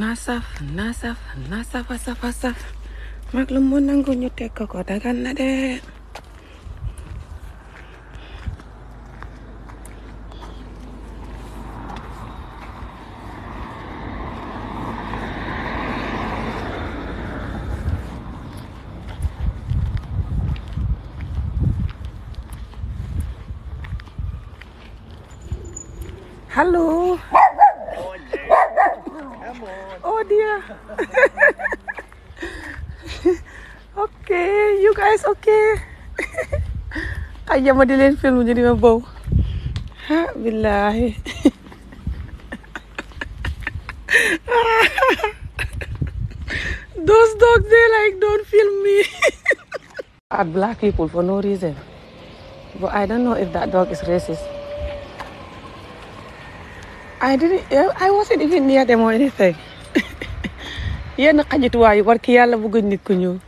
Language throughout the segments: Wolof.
naa saf naa saf naa saf a saf a saf mag lu mu nangu ñu te ko ko dagan ay jama di leen film ñu di ma bow ah billaahi those dogs they like don't film me at black people for no reason but I don't know if that dog is racist I didn't I wasn't even near them or anything yenn xajituwaay yi war ki yàlla bëgguñ nit ku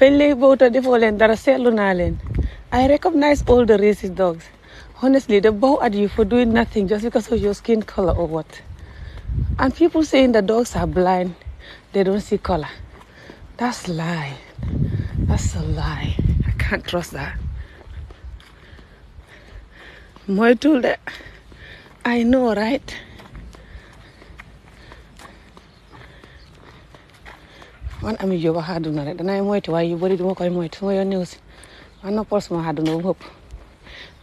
fañ lay vote leen dara seetlu naa leen I recognize all the racist dogs honestly they bow at you for doing nothing just because of your skin color or what and people saying the dogs are blind they don't see color that's lie I can't trust that moytul de I know right man Ami Diop wax àdduna rek danaay moytu waaye yu bëri duma koy moytu suma ma yoon man noppal suma àdduna bu mu ëpp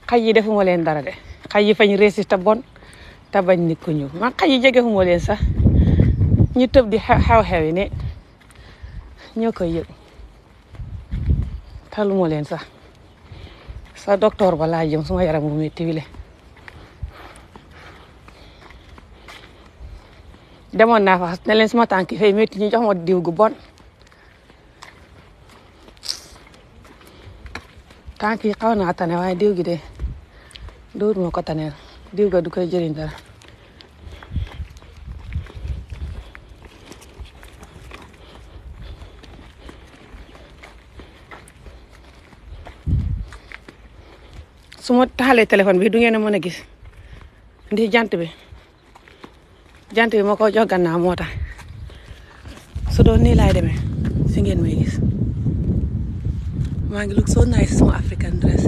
xaj yi defuma leen dara de xaj yi fañ réesi te bon ta bañ nit ku ñëw man xaj yi jegefuma leen sax ñu tëb di xew-xew yi ne ñoo koy yëg taluma leen sax sa docteur ba laa jëm suma yaram bu metti demoon naa fa ne leen suma tànk fay métti ñu jox ma diw gu bon tànk yi xaw naa tane waaye diw gi de duur moo ko taneel diw ga du koy jëriñ dara su ma taalee téléphone bi du ngeen a mën a gis ndi bi jant bi ma ko jox gannaaw moo tax su doon nii laay deme si ngeen may gis maa ngi look so nice suma African dress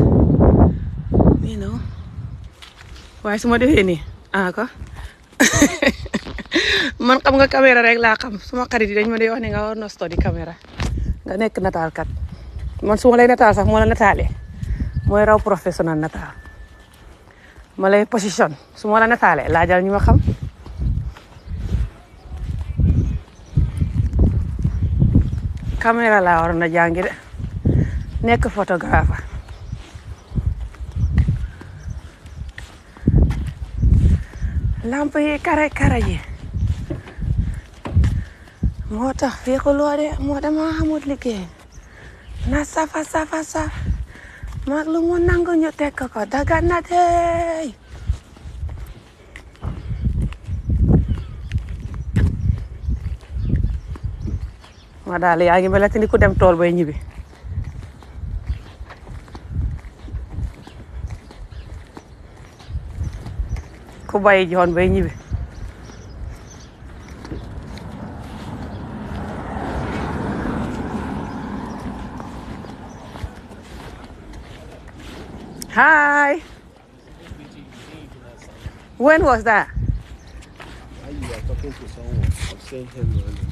you know waaye su ma defee nii ah man xam nga caméra rek laa xam suma xarit yi dañ ma day wax ne nga war na study caméra nga nekk nataalkat man su ma lay nataal sax moo la nataalee mooy raw professionnel nataal ma lay position su ma la nataalee laajal ñu ma xam caméra laa waroon a jàngi nekk photographe lamp yi kare yi moo tax fii ku de moo dama xamut liggéey na safa safa saf maag lu mu nangu ñu tekk ko daga na ma daal yaa ngi melati ku dem tool bay ñibbi ku bay ñibbi Hi. When was that? was talking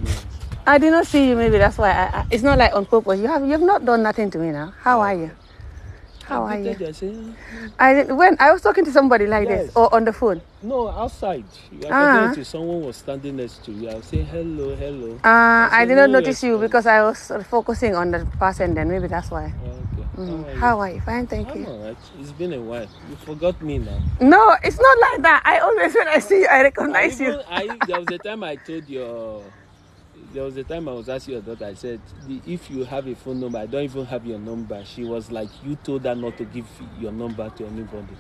I did not see you. Maybe that's why. I, I, it's not like on purpose. You have you've not done nothing to me now. How are you? How are you? I didn't, when I was talking to somebody like yes. this or on the phone. No, outside. You ah. to someone was standing next to you. I was saying hello, hello. Uh, I, I did not no notice response. you because I was focusing on the person. Then maybe that's why. Okay. Mm. How, are How, are you? Fine, thank I'm you. Right. It's been a while. You forgot me now. No, it's not like that. I always when I see you, I recognize I even, you. I, there was a time I told your there was a time I was asking your daughter, I said, if you have a phone number, I don't even have your number. She was like, you told her not to give your number to anybody.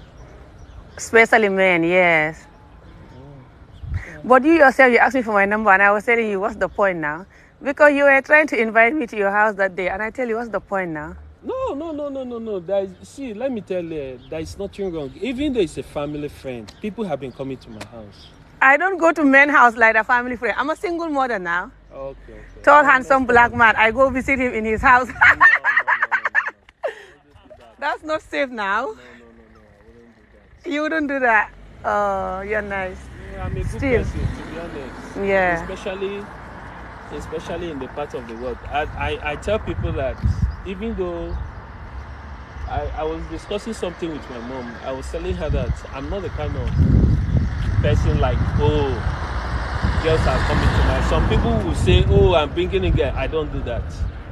Especially men, yes. Oh. Yeah. But you yourself, you asked me for my number, and I was telling you, what's the point now? Because you were trying to invite me to your house that day, and I tell you, what's the point now? No, no, no, no, no, no. There is, see, let me tell you, there is nothing wrong. Even though it's a family friend, people have been coming to my house. I don't go to men's house like a family friend. I'm a single mother now. Okay, okay. Tall, handsome black man. I go visit him in his house. That's not safe now. you wouldn't do that. Oh, you're nice. Steve. Yeah. Especially, in the part of the world. I, tell people that even though I, was discussing something with my mom, I was telling her that I'm not the kind of person like, oh, girls are coming to my. Some people will say, "Oh, I'm bringing a girl." I don't do that.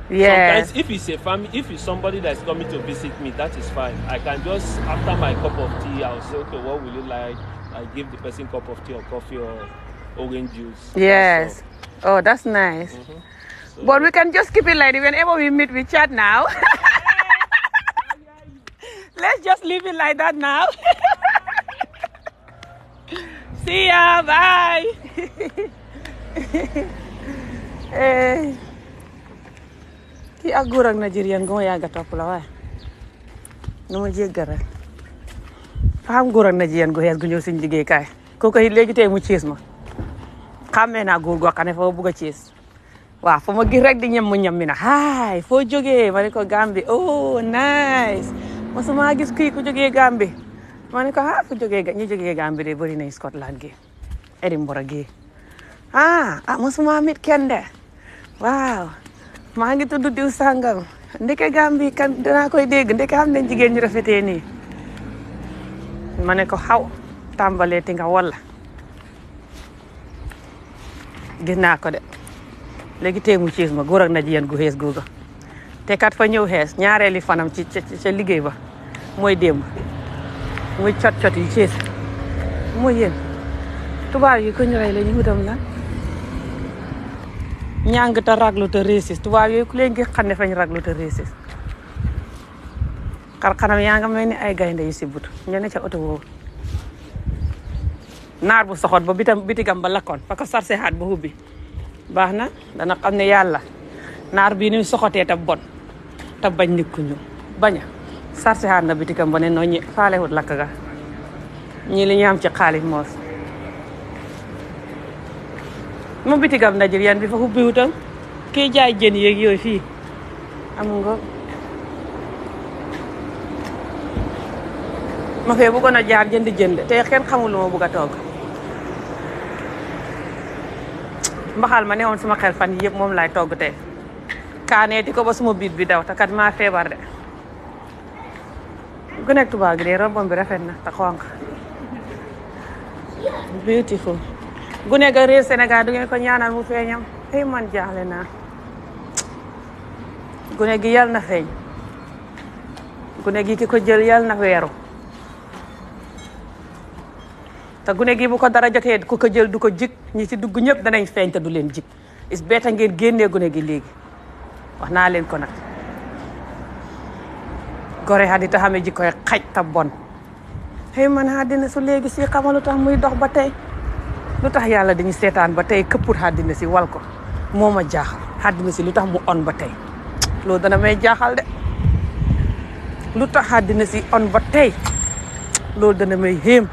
Yeah. if it's a family, if coming to visit me, I can just after my cup of tea, I'll say, "Okay, what will you like?" I give the person cup of tea or coffee or orange juice. Yes. Oh, that's nice. Mm-hmm. but we can just keep it like whenever we meet, we chat now. Let's just leave it like that now. See ya. Bye. Eh, kii ak góor ak Nigerian gu ma yàgg a topp la waaye nu ma jéggal rek xam góor ak Nigerian gu xees gu ñëw suñu liggéeykaay kooku it léegi tey mu ma xàmmee naa góor goo xam foo bugg a ciis waaw ma gis rek di ñem mu ñem mi na haay foo jógee ma ne ko Gambie oh nice mosuma gis kii ku jógee Gambie ma ne ko ah ku jógee ñu jógee Gambie de bëri nañ Scotland gi Edinburgh gi ah ah mosuma mit kenn de waaw maa ngi tudd diw sàngam ndeke Gambie ka danaa koy dégg ndeke xam nañ jigéen ñu rafetee nii ma ne ko xaw tàmbalee ti nga walla gis naa ko de léegi teemu ciis ma góor ak na jigéen gu xees googa te kat fa ñëw xees ñaareeli fanam ci ca liggéey ba mooy démb mooy cot-cot yi Thiès mooy yéen tubaab yi ko ñu rey la ñu wutam lan ñàng te raglu te réesis tubaab yooyu ku leen ngi xam ne fañ raglu te réesis xar-xanam yaa nga mel ni ay gaynde yu si but ne ca oto boobu naar bu soxot ba bitam bitigam ba lakkoon ba ko sarse xaat ba hubbi baax na dana xam ne yàlla naar bii ni soxotee ta bon te bañ nit ku ñu baña sarsi xaat na bitikam ba noo noonu ñi faalewut lakk ga ñii li am ci xaalis moos moom bitikam Nigerian bi fa ubbiwutam kii jaay jën yeeg yooyu fii am nga ma fee bëggoon a jaar jënd jënd te kenn xamul ma bëgg a togg mbaxal ma ne woon suma xel fan yëpp moom laay togg tey kaanee di ko ba suma biit bi daw te kat maa feebar de gune nekk tubaab gi de robam bi rafet na te xonq beautiful gune ga réer Sénégal du ko ñaanal mu feeñam ay man jaaxle naa gune gi yal na feeñ gune gi ki ko jël yal na weeru te gune gi bu ko dara jotee ko ko jël du ko jik ñi ci dugg ñëpp danañ feeñ te du leen jik is beeta ngeen génnee gune gi léegi wax naa leen ko nag gore xa di ta xame jikko xaj ta bon xëy man àddina su léegi si xama lu tax muy dox ba tey lu tax yàlla dañu seetaan ba tey këpput àddina si walko ko moo ma jaaxal àddina si lu tax mu on ba tey loolu dana may jaaxal de lu tax si on ba tey loolu dana may xéem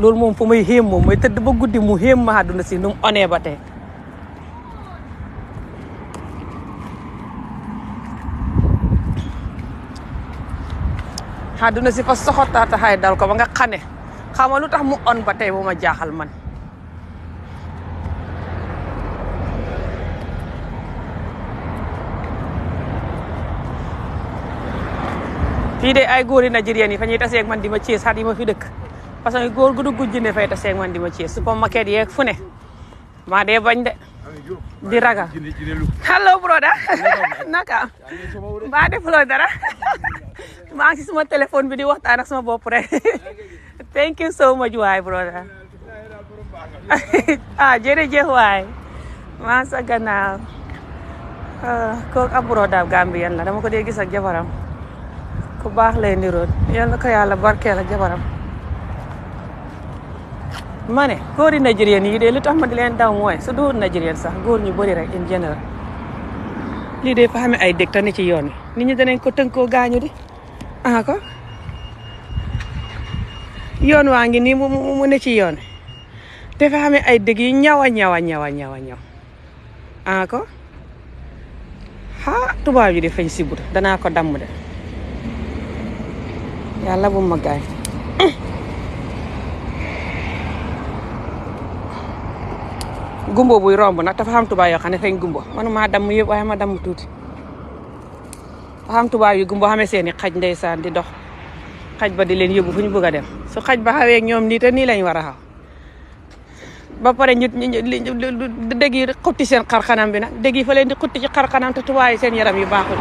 loolu moom fu may xéem moom tëdd ba guddi mu xéem ma àdduna si nu mu onee ba tey àdduna si fa soxotaata xay dal ko ba nga xane xama lu tax mu on ba tey bu ma jaaxal man fii de ay góori nigériens yi fa ñuy taseeg man di ma Thiès xat yi ma fi dëkk parce que góor gu dugg jinne fay taseeg man di ma Thiès supermarket yeeg fu ne maa dee bañ de di ragal hello broda naka mbaa defuloo dara maa ngi si sama téléphone bi di waxtaan ak sama bopp rek thank you so much waay brother ah jërëjëf waay maa sa gannaaw ah, kooku ab brother Gambien la dama ko dee gis ak jabaram ku baax lay niroon yal na ko yàlla barkeel ak jabaram ma ne góori Nigérian yi de li tax ma di leen daw mooy su dóor Nigérian sax góor ñu bëri rek in général lii de fa xamee ay dëkk te ci yoon wi nit ñi danañ ko tënkoo gaañu di ah yoon waa ngi nii mu mu ne ci yoon dafa xame ay dëgg yu ñawa ñawa ñawa ñawa ñaw ah ko ah tubaab yi di fañ si danaa ko damm de yàlla bu ma gaañ gumbo buy romb nag dafa xam tubaab yoo xam ne fañ gumbo man maa damm yëpp waaye ma damm tuuti xam tubaab yu gumba xamee seen i xaj ndeysaan di dox xaj ba di leen yóbbu fu ñu bëgg a dem su xaj ba xawee ñoom nii te nii lañ war a xaw ba pare ñu dégg yi xutti seen xarxanam bi na dégg yi fa leen di xutti ci xarxanam te tubaab yi seen yaram yu baaxul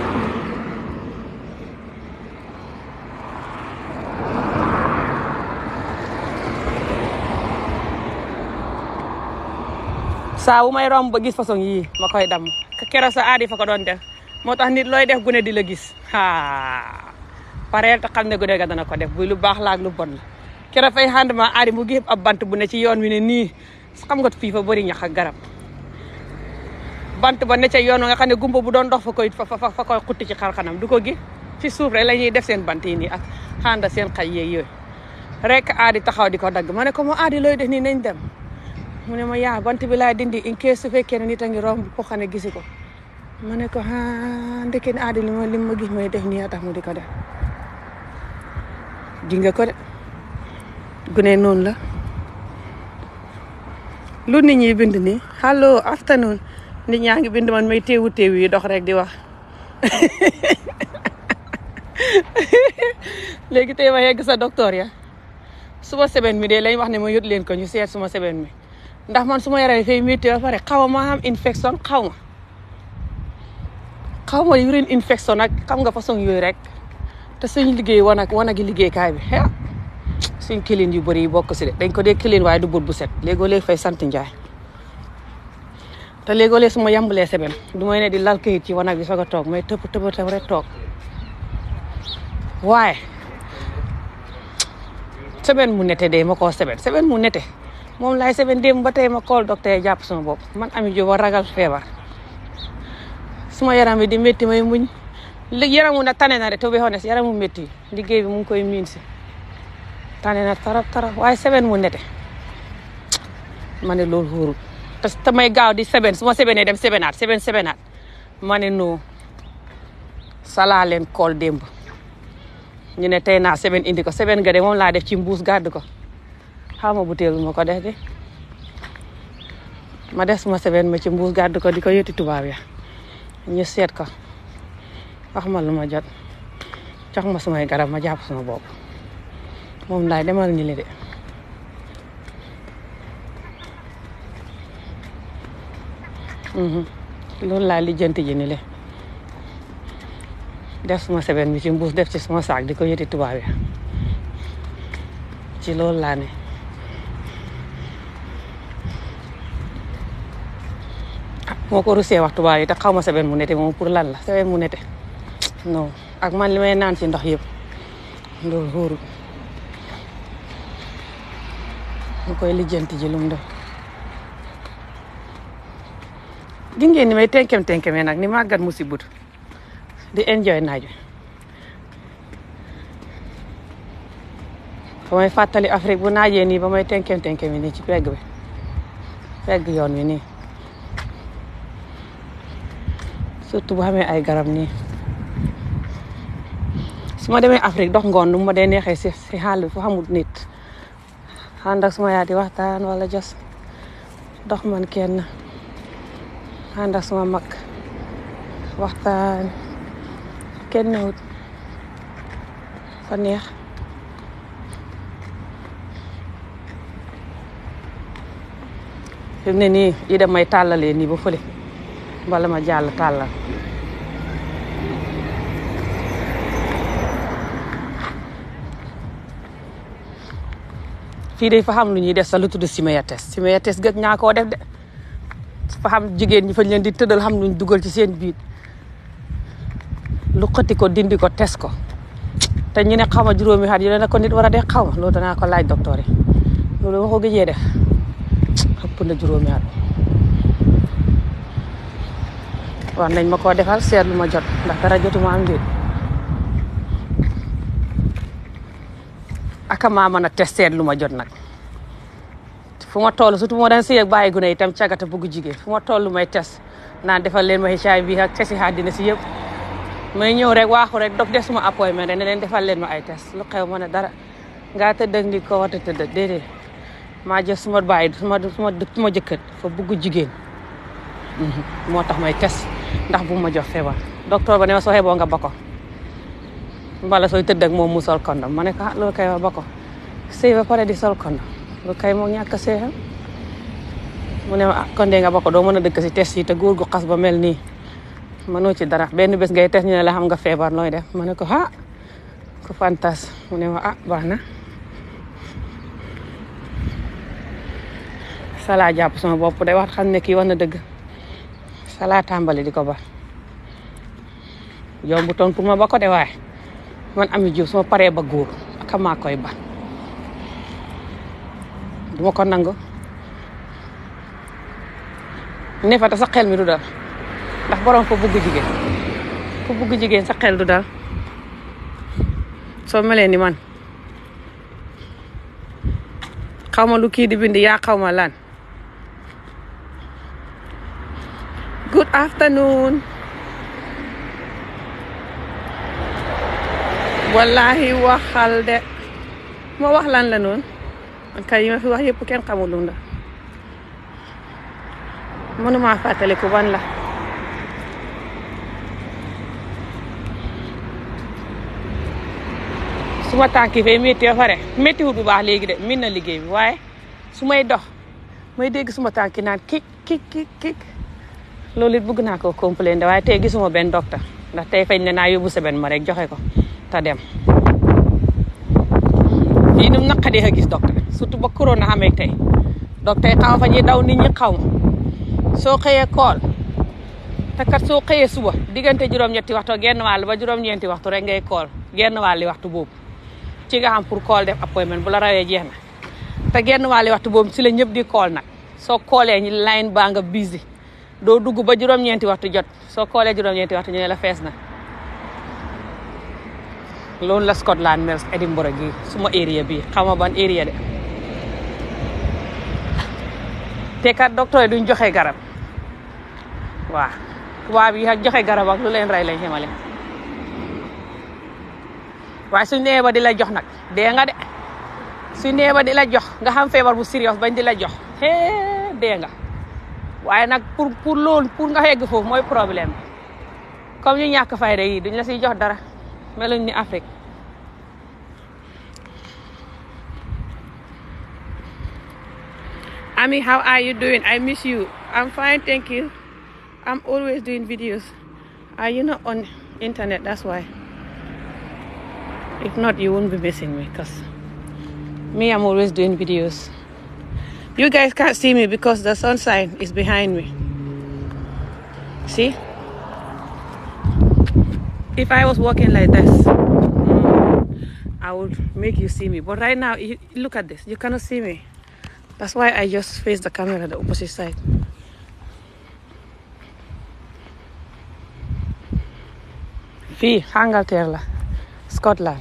saa wu may romb ba gis façon yii ma koy dam keroog sa aadi fa ko doon def moo tax nit looy de gune di la gis aa pareel te xam ne gune ga dana ko def buy lu baax la lu bon la kere fay xandement aari mu géeb ab bant bu ne ci yoon wi ne nii xam nga fii fa bari ñax ak garab bant ba ne ca yoon nga xam ne gumba bu doon dox fa koy fa koy xutti ci xarxanam du ko gi ci suuf rek la ñuy def seen bant yi nii ak xanda seen xay yeeg yooyu rek aadi taxaw di ko dagg ma ne ko mo aadi looy def nii nañ dem mu ne ma yaa bant bi laay dindi in kees su fekkee ne nit a ngi romb ko xam ne gisi ko ma ne ko ah ndeket aadi li ma li ma gis may def nii a tax mu di ko def ji nga ko de gune noonu la lu nit ñi bind nii allo afternoon nit ñaa ngi bind man may teewu teew yi dox rek di wax léegi tey ma yegg sa docteur ya suma semaine mi de lañ wax ne ma yót leen ko ñu seet suma semaine mi ndax man suma yaree fay métti ba pare xaw ma am infection xaw ma xaw ma urine infection nag xam nga façon yooyu rek te suñ liggéey wanag wanagi liggéeykaay bi ah suñ clean yu bëri yi bokk si de dañ ko dee clean waaye du bët bu set léegoo léegi fay sant njaay te léegoo léegi su ma yàmbalee sebel du may ne di lal kayit ci wanag bi soog a toog may tëb tëb tëb rek toog waaye semaine mu nete de ma koo semaine semaine mu nete moom laay de mu ba tey ma kool docteur jàpp sama bopp man Ami Jóob a ragal feebar suma yaram bi di métti may muñ léegi yaramu na tane na de to be honest métti liggéey bi mu ngi koy miin si tane na tarap tarap waaye seben mu nete ma ne loolu wóorul parce que tamay gaaw di seben suma ma sebenee dem sebenaat seben sebenaat ma ne noo salaa leen kool démb ñu ne tey naa seben indi ko seben ga moom laa def ci mbuus gàdd ko xaw ma butéelu ma ko def de ma des ma seben ma ci mbuus gàdd ko di ko yëti tubaab ya ñu seet ko wax ma lu ma jot jox ma sumay garab ma jàpp suma bopp moom laay demal ni li de mhm. loolu laay lijjanti ji ni le def suma seben bi ci mbuus def ci suma saak di ko yëti tubaab yi ci loolu laa ne moo ko rusee wax tubaab yi te xaw ma sebet mu nete moom pour lan la sebet mu nete non ak man li may naan ci ndox yëpp loolu wóorul ñu koy lijjanti ji lu mu def gi ngeen ni may tenkem tenkemee nag ni màggat mu si but di enjoy naaj wi ba may fàttali Afrique bu naajee nii ba may tenkem tenkemee nii ci pegg bi yoon wi nii surtout bu xamee ay garab nii suma demee Afrique dox ngoon nu ma dee neexee si si xaal bi fu nit ànd ak suma yaay waxtaan wala jos dox man kenn ànd ak suma mag waxtaan kenn newut fa neex fi ne nii yi damay tàllalee nii ba fële wala ma jàll tàllal fii de fa xam lu ñuy def sax lu tudd simayates simayates gëj ñaa koo def de fa xam jigéen ñi fañ leen di tëddal xam luñ dugal ci seen biir lu ko dindi ko tes ko te ñu ne xaw ma juróomi xat yone na ko nit war a def xaw ma loolu danaa ko laaj docteur yi loolu waxoo gëjee def ëpp na juróomi xat war nañ ma koo defal seetlu ma jot ndax dara jotuma am mën a te seetlu ma jot nag fu ma toll surtout moo daan sëyeeg bàyyi gune itam cagata bugg jigéen fu ma tollu may test naa defal leen ma HIV bi ak test yi àddina si yëpp may ñëw rek waaxu rek dog def suma appointment rek ne leen defal leen ma ay test lu xew ma ne dara ngaa tëdd ak ni ko war a tëdd déedéet maa jël suma bàyyi suma suma suma jëkkër fa jigéen mhm, moo tax may test ndax bu ma jox feebar docteur ba ne ma soo xeeboo nga ba ko wala sooy tëdd ak moom mu sol kondom ma ne ko ah loolu kay ba ko sëy ba pare di sol kondom loolu kay moo ñàkk a mu ne ma ah kon dee nga ba ko doo mën a dëkk si test yi góor gu xas ba mel nii mënoo ci dara benn bés ngay test ñu ne la xam nga feebar nooy def ma ne ko ah ku fantas mu ne ma ah baax na sala jàpp sama bopp day wax xam ne kii wax na dëgg salaa tàmbali di ko ba yombu toon ma ba ko de waaye man Ami Diouf su paree ba góor aka maa koy ba duma ko nangu ne fa te sa xel mi du dal ndax borom ko bugg jigéen ko bugg jigéen sa xel du dal soo melee ni man xaw ma lu kii di bind yaa xaw ma lan afternoon wallahi waxal de ma wax lan la noonu man kay fi wax yépp kenn xamul lu la mënuma fàttaliku ban la su ma tànki fay métti ba pare méttiwul bu baax léegi de min na liggéey bi waaye su may dox may dégg suma tànki naan kik kik kik loolu it bëgg naa koo compléter waaye te gisuma benn docteur ndax tey fañ ne naa yóbbu sa benn ma rek joxe ko ta dem fii num naqadee a gis docteur surtout ba corona amee tey docteur yi xam fa ñuy daw nit ñi xaw ma soo xëyee kool te kat soo xëyee suba diggante juróom-ñetti waxtu genn wàll ba juróom-ñeenti waxtu rek ngay kool genn wàlli waxtu boobu ci nga xam pour kool def appointment bu la rawee jeex na te genn wàlli waxtu boobu si la ñëpp di kool nag soo koolee ñi line baa nga busy doo dugg ba juróom-ñeenti waxtu jot soo koolee juróom-ñeenti waxtu ñu ne la fees na loolu la Scotland mel Edinburgh gi suma area bi xam nga ban area de te kat docteur yi duñ joxe garab waaw waa yi ak joxe garab ak lu leen rey lañ xamale waaye suñ nee ba di la jox nag dee nga de suñ nee ba di la jox nga xam feebar bu serious bañ di la jox hee dee nga waaye nag pour pour loolu pour nga yegg foofu mooy problème comme ñu ñàkk fayda yi duñ la siy jox dara meluñ ni Afrique Ami, how are you doing? I miss you. I'm fine, thank you. I'm always doing videos. Are you not on internet? That's why. If not, you won't be missing because me, I'm always doing videos. You guys can't see me because the sun sign is behind me. See? If I was walking like this, mm, I would make you see me. But right now, you, look at this. You cannot see me. That's why I just face the camera the opposite side. fii Angleterre la Scotland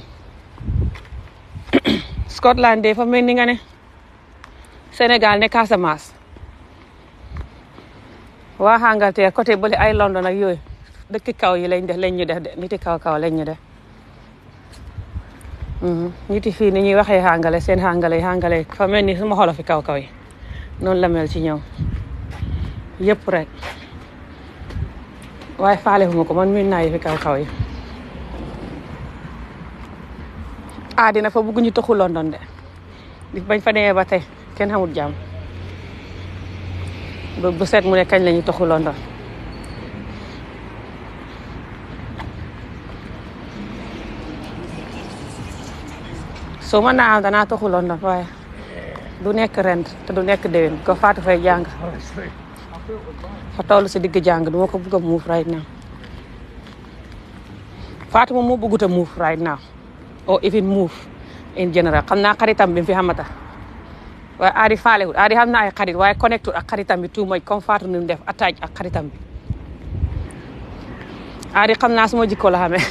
Scotland de fa mel ni nga ne Sénégal ne Casamance waa Angleterre côté bële ay London ak yooyu dëkk kaw yi lañ def lañ ñu def de niti kaw kaw lañ ñu def mhm. niti fii ni ñuy waxee àngale seen àngale yi àngale fa mel ni suma xolo fi kaw kaw yi noonu la mel ci ñëw yépp rek waaye faale fu ma ko man miin naa fi kaw kaw yi aadina fa bugg ñu toxu London de bañ fa demee ba tey kenn xamul jàmm bu seet mu ne kañ la ñu toxu London soo mën naa am danaa toxu London waaye du nekk rend te du nekk déwén ko faatu fay jàng fa toll si digg jàng du ma ko bugg a move right now faatu moom moo bëggut a move right now or even move in general xam naa xaritam bi fi xamata waaye aadi faalewul aadi xam na ay waaye connecte ak xaritam bi tout mooy comme Fatou ni mu def attaque ak xaritam bi aadi xam naa suma jikko la xamee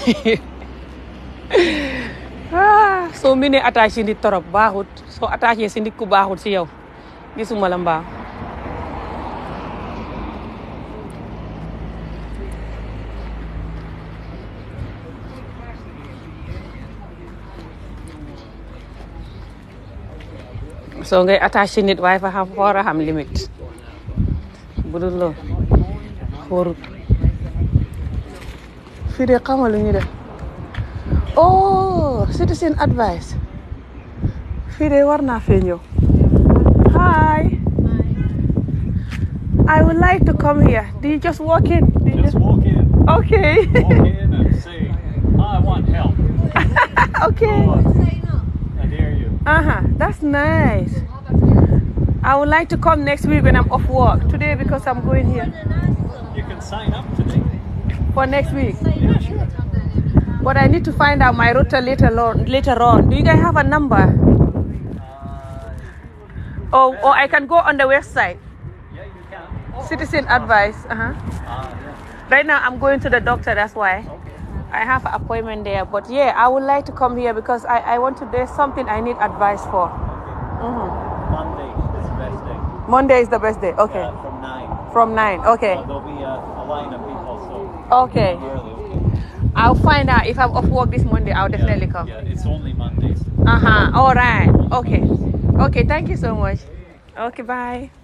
ah, soo mbinee attaque si nit torop baaxut soo attaque si nit ku baaxut si yow gisuma la mbaa soo ngay attaché nit waaye fa xam xam limite bu dul fii de xamal lu ñu def oh citizen advice fii de war naa fee ñëw hi I would like to come here do just walk in okay okay Uh-huh, that's nice. I would like to come next week when I'm off work. Today because I'm going here. You can sign up today. For next week? Yeah, sure. But I need to find out my router later on. Later on. Do you guys have a number? Uh, or, or I can go on the website. Yeah, you can. Citizen oh, advice. Uh-huh. Uh, yeah. Right now I'm going to the doctor, that's why. Okay. I have an appointment there. But yeah, I would like to come here because I, I want to, there's something I need advice for. Okay. Mm -hmm. Monday is the best day. Monday is the best day, okay. Yeah, from 9. From 9, okay. Uh, there'll be a, a, line of people, so. Okay. I'll find out if I'm off work this Monday. I'll definitely yeah, come. Yeah, it's only Mondays. Uh huh. All right. Okay. Okay. Thank you so much. Okay. Bye.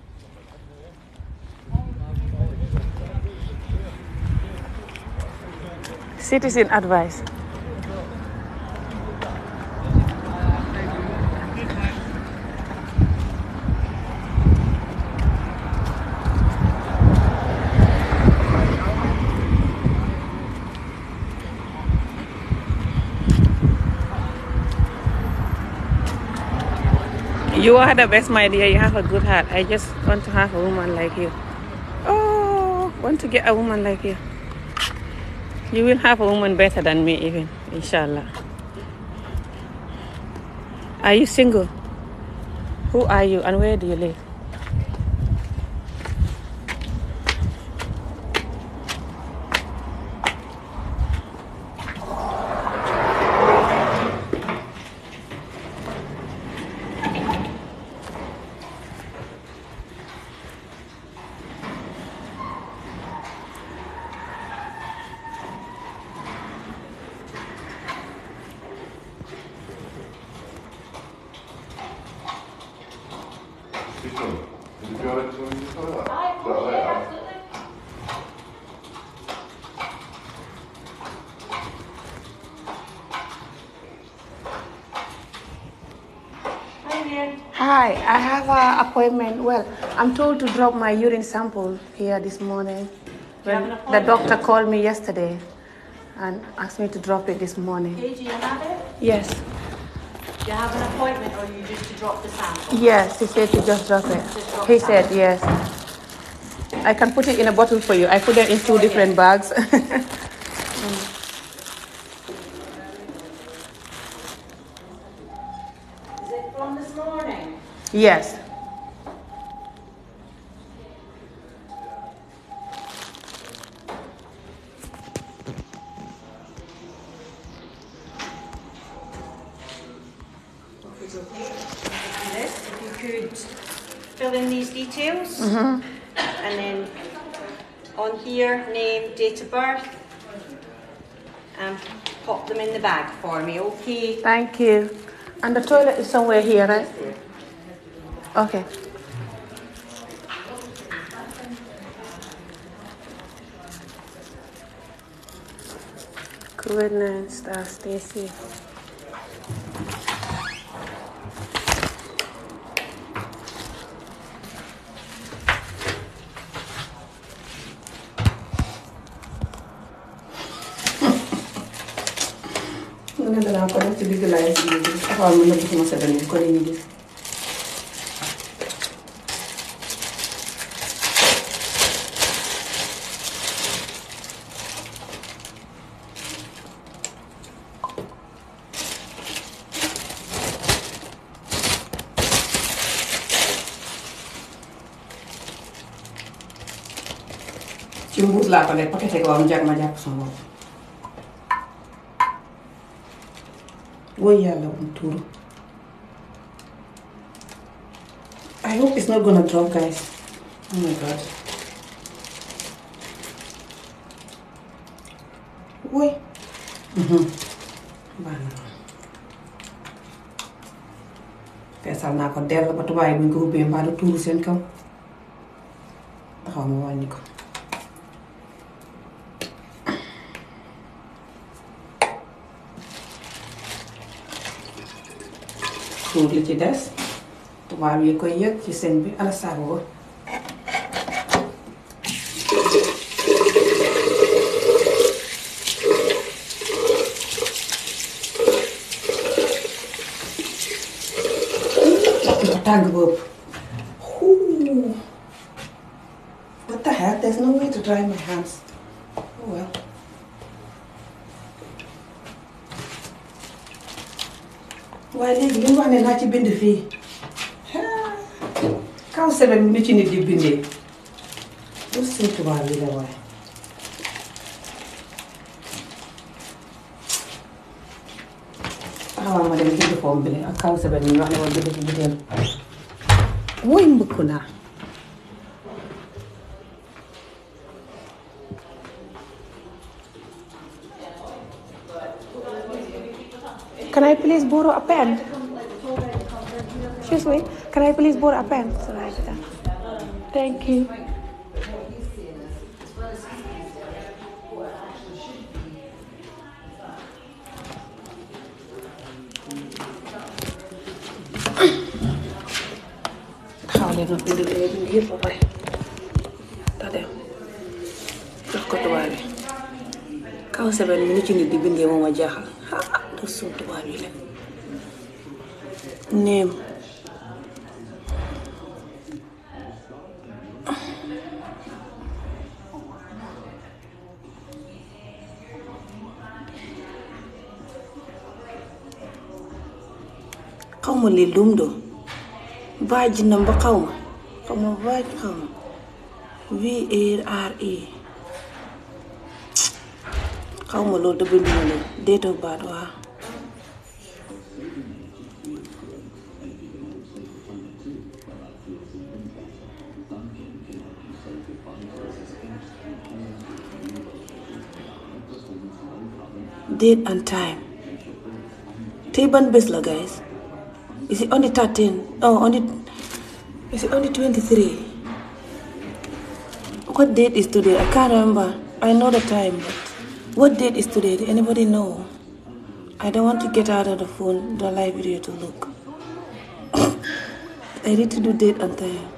citizen advice You are the best, my dear. You have a good heart. I just want to have a woman like you. Oh, want to get a woman like you. you will have a woman better than me even inshallah are you single who are you and where do you live I meant, well, I'm told to drop my urine sample here this morning. When the doctor called me yesterday and asked me to drop it this morning. Hey, do you have it? Yes. Do you have an appointment or you just to drop the sample? Yes, he said to just drop it. Just drop he said, yes. I can put it in a bottle for you. I put it in two oh, different yeah. bags. mm. Yes. the bag for me, okay? Thank you. And the toilet is somewhere here, right? Okay. Good night, Star Stacy. mu ne danaa ko def ci digg laay si biir bi xaw ma nëbb ma sa demee ko la ñu gis. ci mbuus laa ko def jag ma jàpp sama bopp. woy yàlla bu tuuru I hope it's not gonna drop guys oh my god woy mm-hmm. baax na feesal naa ko dell ba tubaab yi buñ ko ubbee mbaa du tuuru seen kaw taxaw ma wàññi ko suur li ci des tubaab yi koy yëg ci sëñ bi Alassane Wo ci nit di bindee pour seen tubaab bi la waaye xawaa ah, ma dem jënd foom bi ak kaw sebe bi ñu wax ne woon jënd ci butéel woy mbëkk naa Can I please borrow a pen? Excuse me, can I please borrow a pen? So Thank you. hunde lum ɗo baji nomba kawma kawma baji kawma vra kawma lool ɗo bindimo ɗo date of bat wa date and time tey ban bés la guys Is it only 13? Oh, only. Is it only 23? What date is today? I can't remember. I know the time, but what date is today? Did anybody know? I don't want to get out of the phone, the live video to look. I need to do date and time.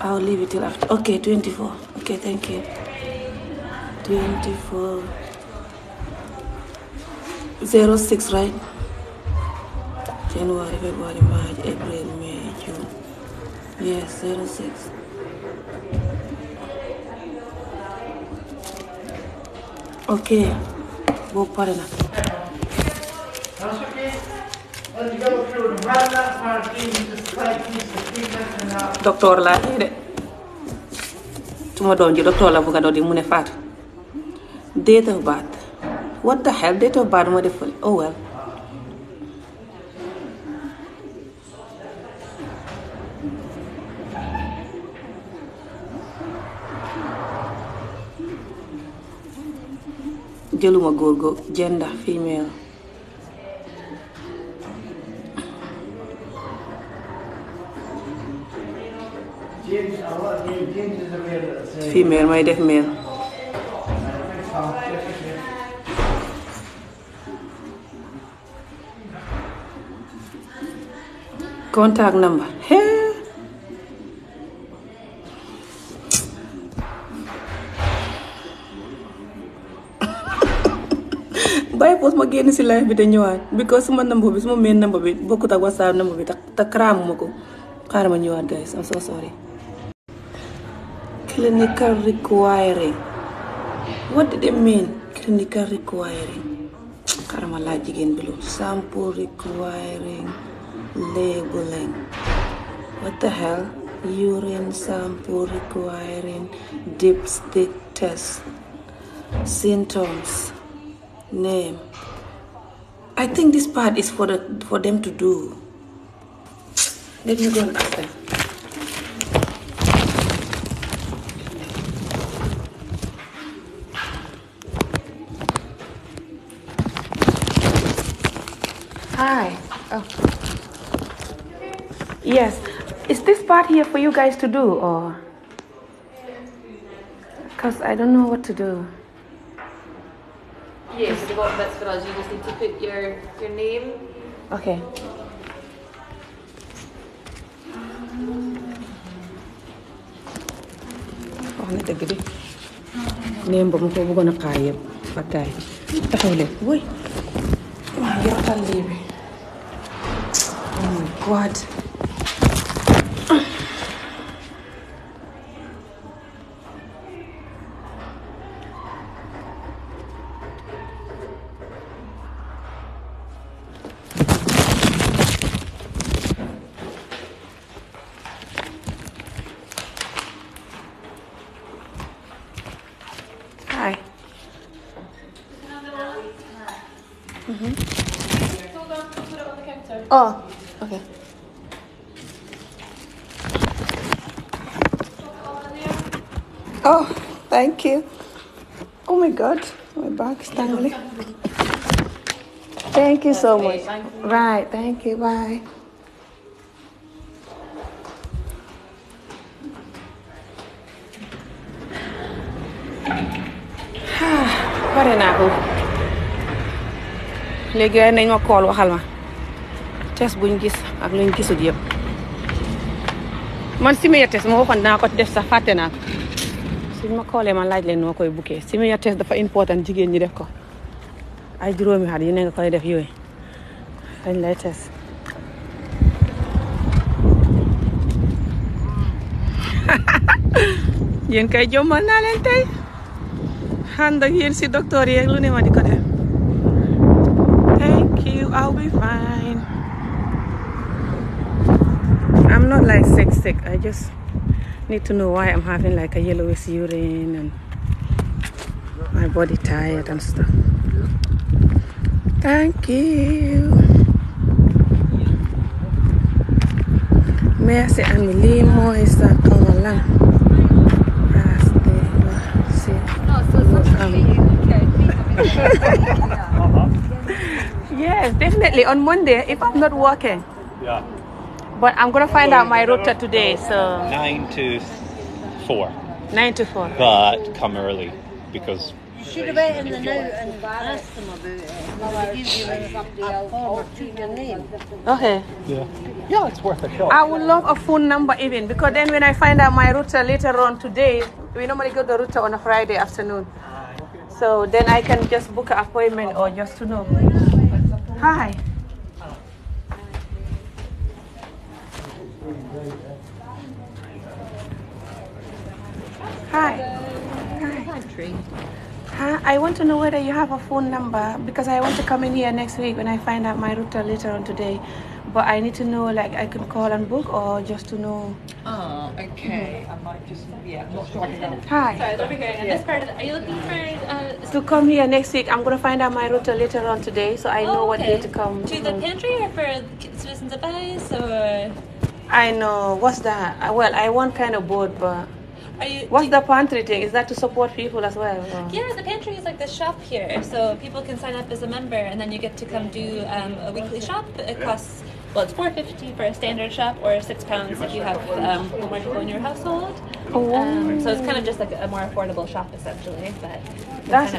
I'll leave it till after. Okay, 24. Okay, thank you. 24. 06, right? January, February, March, April, May, June. ok boobu pare na. docteur laa tey de suma doom ji docteur la bëgg a di mu ne faat date of birth what the hell date of birth ma def fële oh jëluma góor go gender female female may def male contact number génn si live bi te ñëwaat because suma number bi suma main number bi bokkut ak whatsapp number bi te kraamuma ko xaaral ma ñëwaat guys I'm so sorry clinical requiring what did it mean clinical requiring xaaral ma laaj jigéen bi loolu sample requiring labeling what urine sample requiring dipstick test symptoms name I think this part is for the for them to do. Let me go and ask them. Hi. Oh. Yes. Is this part here for you guys to do or? Because I don't know what to do. Yeah, so to go up bits for us, you your, name. Okay. wax oh, na dëgg ba mu ko bëggoon a xaar yëpp ba bi oh Oh, okay. Oh, thank you. Oh my God, my back Thank you so thank you. Bye. pare naa ko léegi nañ ma kool waxal ma test buñ gis ak luñ gisut yëpp man simiya test moo waxoon naa ko def sax fàtte naa ko suñ ma koolee ma laaj leen noo koy bukkee simiya test dafa important jigéen ñi def ko ay juróomi xat yu ne nga koy def yooyu dañ lay test yéen kay jommal naa leen tey ànd ak yéen si docteur yeeg lu ne ma di ko def thank you I'll be fine not like sick sick. I just need to know why I'm having like a yellowish urine and my body tired and stuff. Thank you. Merci am lii mooy sa xawma lan yes, definitely on Monday if I'm not working. But I'm gonna find out my rota today. So nine to four. Nine to four. But come early because you should have been in the know and asked them about it. Okay. Yeah. Yeah, it's worth a shot. I would love a phone number even because then when I find out my router later on today, we normally go the router on a Friday afternoon. So then I can just book an appointment or just to know. Hi. Hi. Hi. Country. Huh? I want to know whether you have a phone number because I want to come in here next week when I find out my router later on today. But I need to know like I can call and book or just to know. Oh, okay. Mm. I might just yeah, I'm not sure I can Hi. Sorry, over here. Yeah. This part are you looking for uh, to come here next week? I'm gonna find out my router later on today so I know oh, okay. what day to come. To the pantry or for citizens advice or I know. What's that? Uh, well, I want kind of board but You, What's the pantry thing? Is that to the pantry is the shop here, people can sign up as a member, and then you get to do um, a weekly shop. It costs a standard shop, or six pounds if you have um, oh. um, a more affordable shop, essentially. But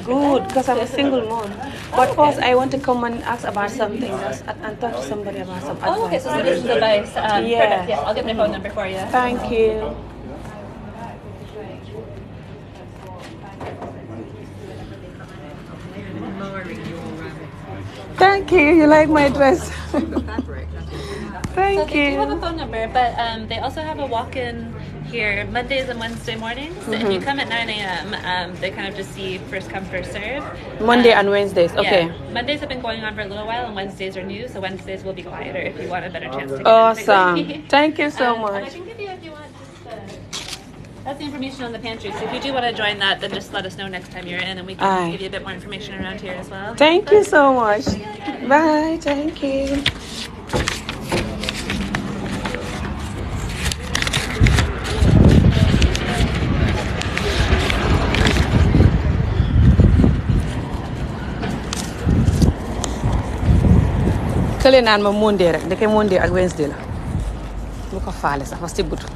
good a oh, I want to come and ask about something and talk oh, is advice. Um, yeah. Perfect. Yeah. I'll get my Thank you. Thank you. You like my dress. Thank so you. They do have a phone number, but um, they also have a walk-in here Mondays and Wednesday mornings. Mm -hmm. If you mm-hmm. come at 9 a.m., um, they kind of just see first come, first serve. Monday um, and Wednesdays, okay. Yeah. Mondays have been going on for a little while, and Wednesdays are new, so Wednesdays will be quieter if you want a better chance to get Awesome. Thank you so um, much. That's the information on the pantry. So if you do want to join that, then just let us know next time you're in, and we can Aye. give you a bit more information around here as well. Thank Bye. you so much. Bye. Thank you. kële naan ma Monday rek ndeke Monday ak Wednesday la lu ko faale sax fa si butu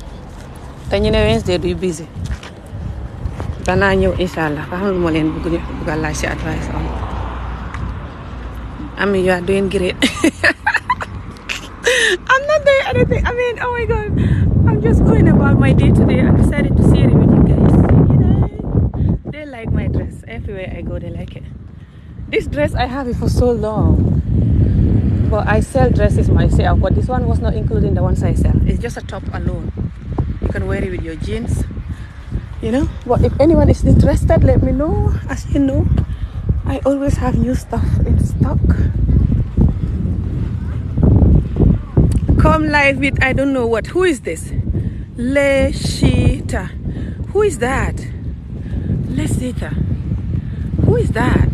te ñu ne busy danaa ñëw incha allah xam nga lu ma leen bëgg bëgg a you are doing great I'm not doing anything I mean oh my god I'm just going about my day today I decided to share it with they like my dress everywhere I go this dress I have for so long but I sell dresses myself but this one was not including the ones I sell it's just a top alone can wear it with your jeans you know but if anyone is interested let me know as you know I always have new stuff in stock come live with I don't know what who is this Leshita who is that Leshita who is that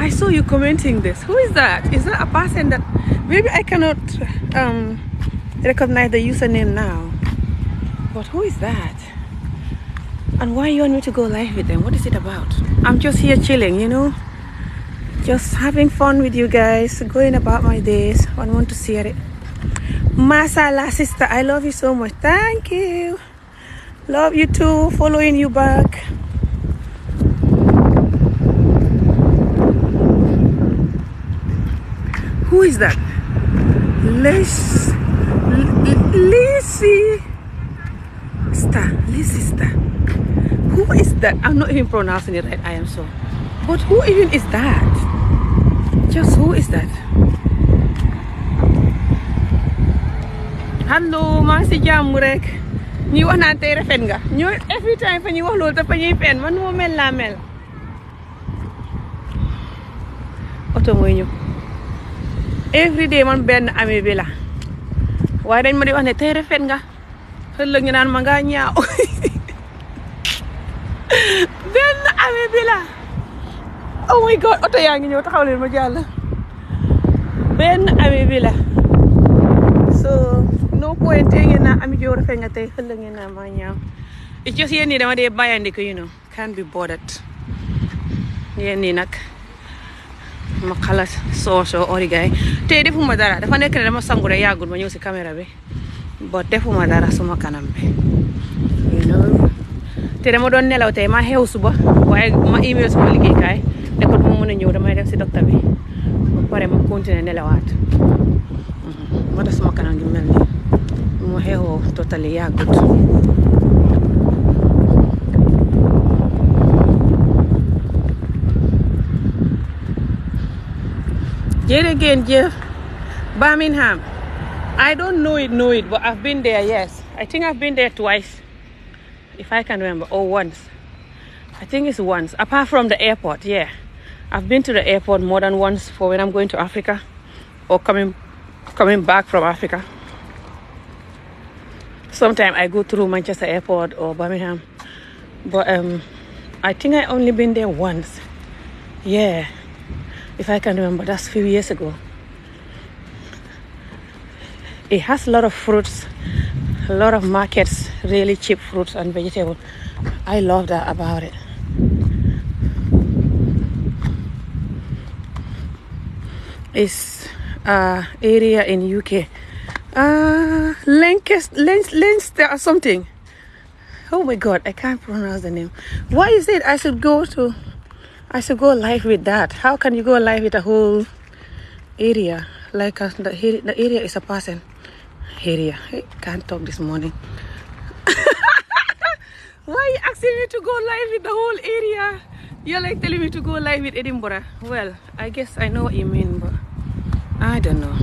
I saw you commenting this who is that is that a person that maybe I cannot um recognize the username now. But who is that? And why you want me to go live with them? What is it about? I'm just here chilling, you know? Just having fun with you guys, going about my days. I want to share it. Masala sister, I love you so much. Thank you. Love you too. Following you back. Who is that? Let's Lizzie Star, Lizzie Star. Who is that? I'm not even pronouncing it right, I am sorry. But who even is that? Just who is that? Hello, maa ngi si rek. ñuy wax naan tey rafet nga ñoo every time fa ñuy wax loolu dafa ñuy fen man moo mel laa mel oto mooy ñëw every day man benn ami bi waaye dañ ma di wax ne tey rafet nga ëllëg ñu naan ma ngaa ñaaw benn amee bi la oh my yaa ngi ñëw taxaw leen ma jàll benn amee bi la so no point tey ngeen naa ami joo rafet nga tey ëllëg ngeen naa ma ñaaw it's just yéen dama dee bàyyandi ko you know can't be bothered yéen nii nag ma xala soosoo origay tey defuma dara dafa nekk ne dama sangu rek yàggul ma ñëw si caméra bi bo defuma dara suma kanam bi te dama doon nelaw te ma xew suba waaye ma email suma liggéeykaay ne ko duma mën a ñëw damay dem si docteur bi ba pare ma continuer nelawaat ma mhm. tax suma kanam gi mel ni mu xewoo totali yàggut jërë ngeen jëf Birmingham I don't know it know it but I've been there yes I think I've been there twice if I can remember or once I think it's once apart from the airport yeah I've been to the airport more than once for when I'm going to Africa or coming coming back from Africa sometimes I go through Manchester airport or Birmingham but um I think I only been there once yeah if I can remember, that's a few years ago. It has a lot of fruits, a lot of markets, really cheap fruits and vegetables. I love that about it. It's uh, area in UK. Uh, Lancaster, Lancaster or something. Oh my God, I can't pronounce the name. Why is it I should go to I should go live with that. How can you go live with a whole area? Like a, uh, the, the area is a person. Area. I can't talk this morning. Why are you asking me to go live with the whole area? You're like telling me to go live with Edinburgh. Well, I guess I know what you mean, but I don't know.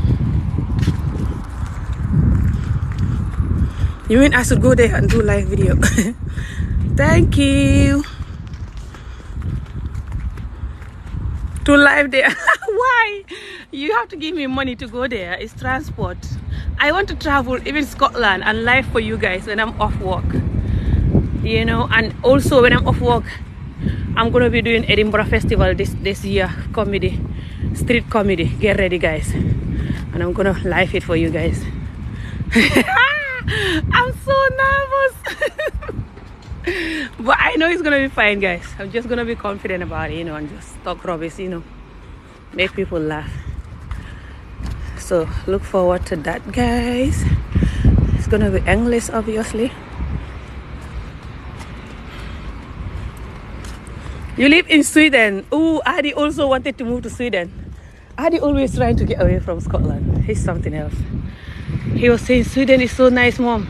You mean I should go there and do live video? Thank you. to live there. Why? You have to give me money to go there. It's transport. I want to travel even Scotland and live for you guys when I'm off work. You know, and also when I'm off work, I'm gonna be doing Edinburgh Festival this this year comedy, street comedy. Get ready, guys, and I'm gonna live it for you guys. I'm so nervous. but I know it's gonna be fine, guys. I'm just gonna be confident about it, you know, and just talk rubbish, you know, make people laugh. So look forward to that, guys. It's gonna be English, obviously. You live in Sweden. Oh, Adi also wanted to move to Sweden. Adi always trying to get away from Scotland. He's something else. He was saying Sweden is so nice, mom.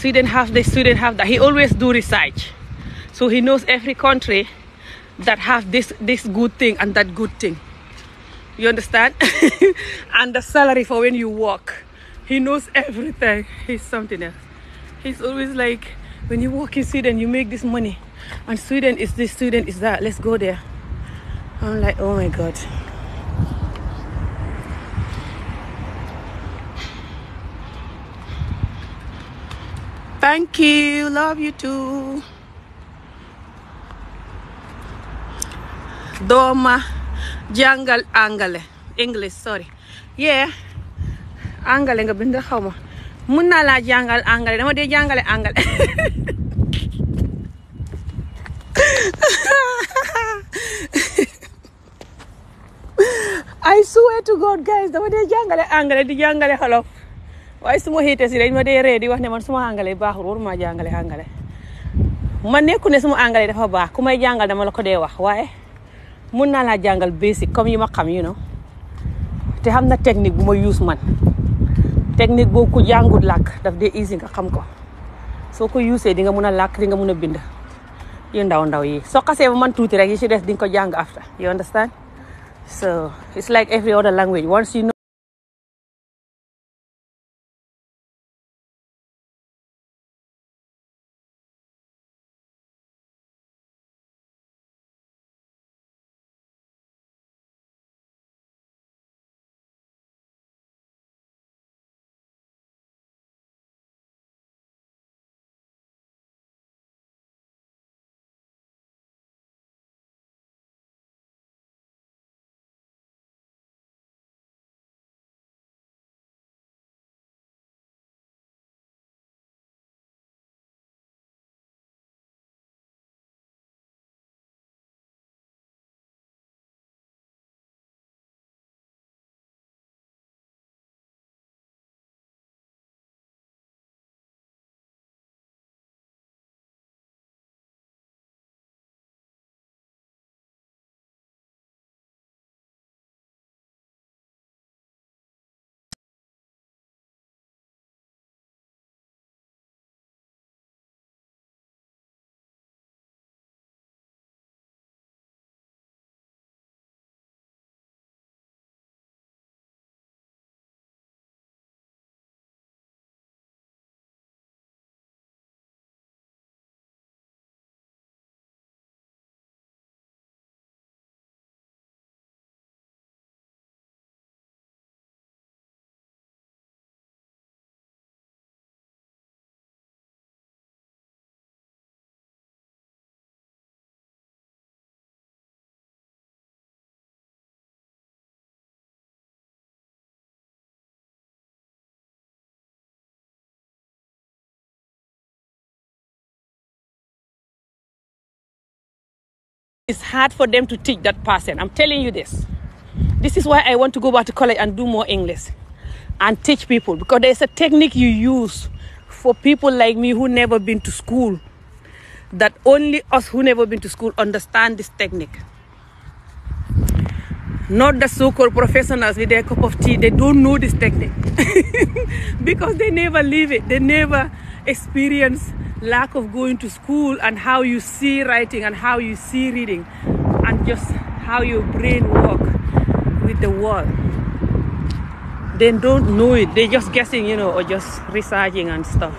Sweden have this, Sweden have that. He always do research. So he knows every country that have this, this good thing and that good thing. You understand? and the salary for when you work. He knows everything. He's something else. He's always like, when you work in Sweden, you make this money. And Sweden is this, Sweden is that. Let's go there. I'm like, oh my God. Thank you. Love you too. Dooma jàngal angale English sorry. yeah angale nga bind xaw ma mun naa laa jàngal angale dama dee jàngale angale. I swear to God guys dama dee jàngale angale di jàngale xolof waaye su ma xiitee si dañ ma dee ree di wax ne man suma anglais baaxul waruma jàngale anglais man nekku ne suma anglais dafa baax ku may jàngal dama la ko dee wax waaye mun naa laa jàngal basic comme yi ma xam you know te xam na technique bu ma use man technique boobu ku jàngut làkk daf dee easy nga xam ko soo ko usee di nga mun a làkk di nga mun a bind yu ndaw ndaw yi soo xasee ba man tuuti rek yi ci des di nga ko jàng after you understand so it's like every other language once It's hard for them to teach that person. I'm telling you this. This is why I want to go back to college and do more English and teach people because there's a technique you use for people like me who never been to school that only us who never been to school understand this technique. Not the so-called professionals with their cup of tea, they don't know this technique because they never live it. They never experience, lack of going to school, and how you see writing and how you see reading, and just how your brain work with the world. They don't know it. They're just guessing, you know, or just researching and stuff.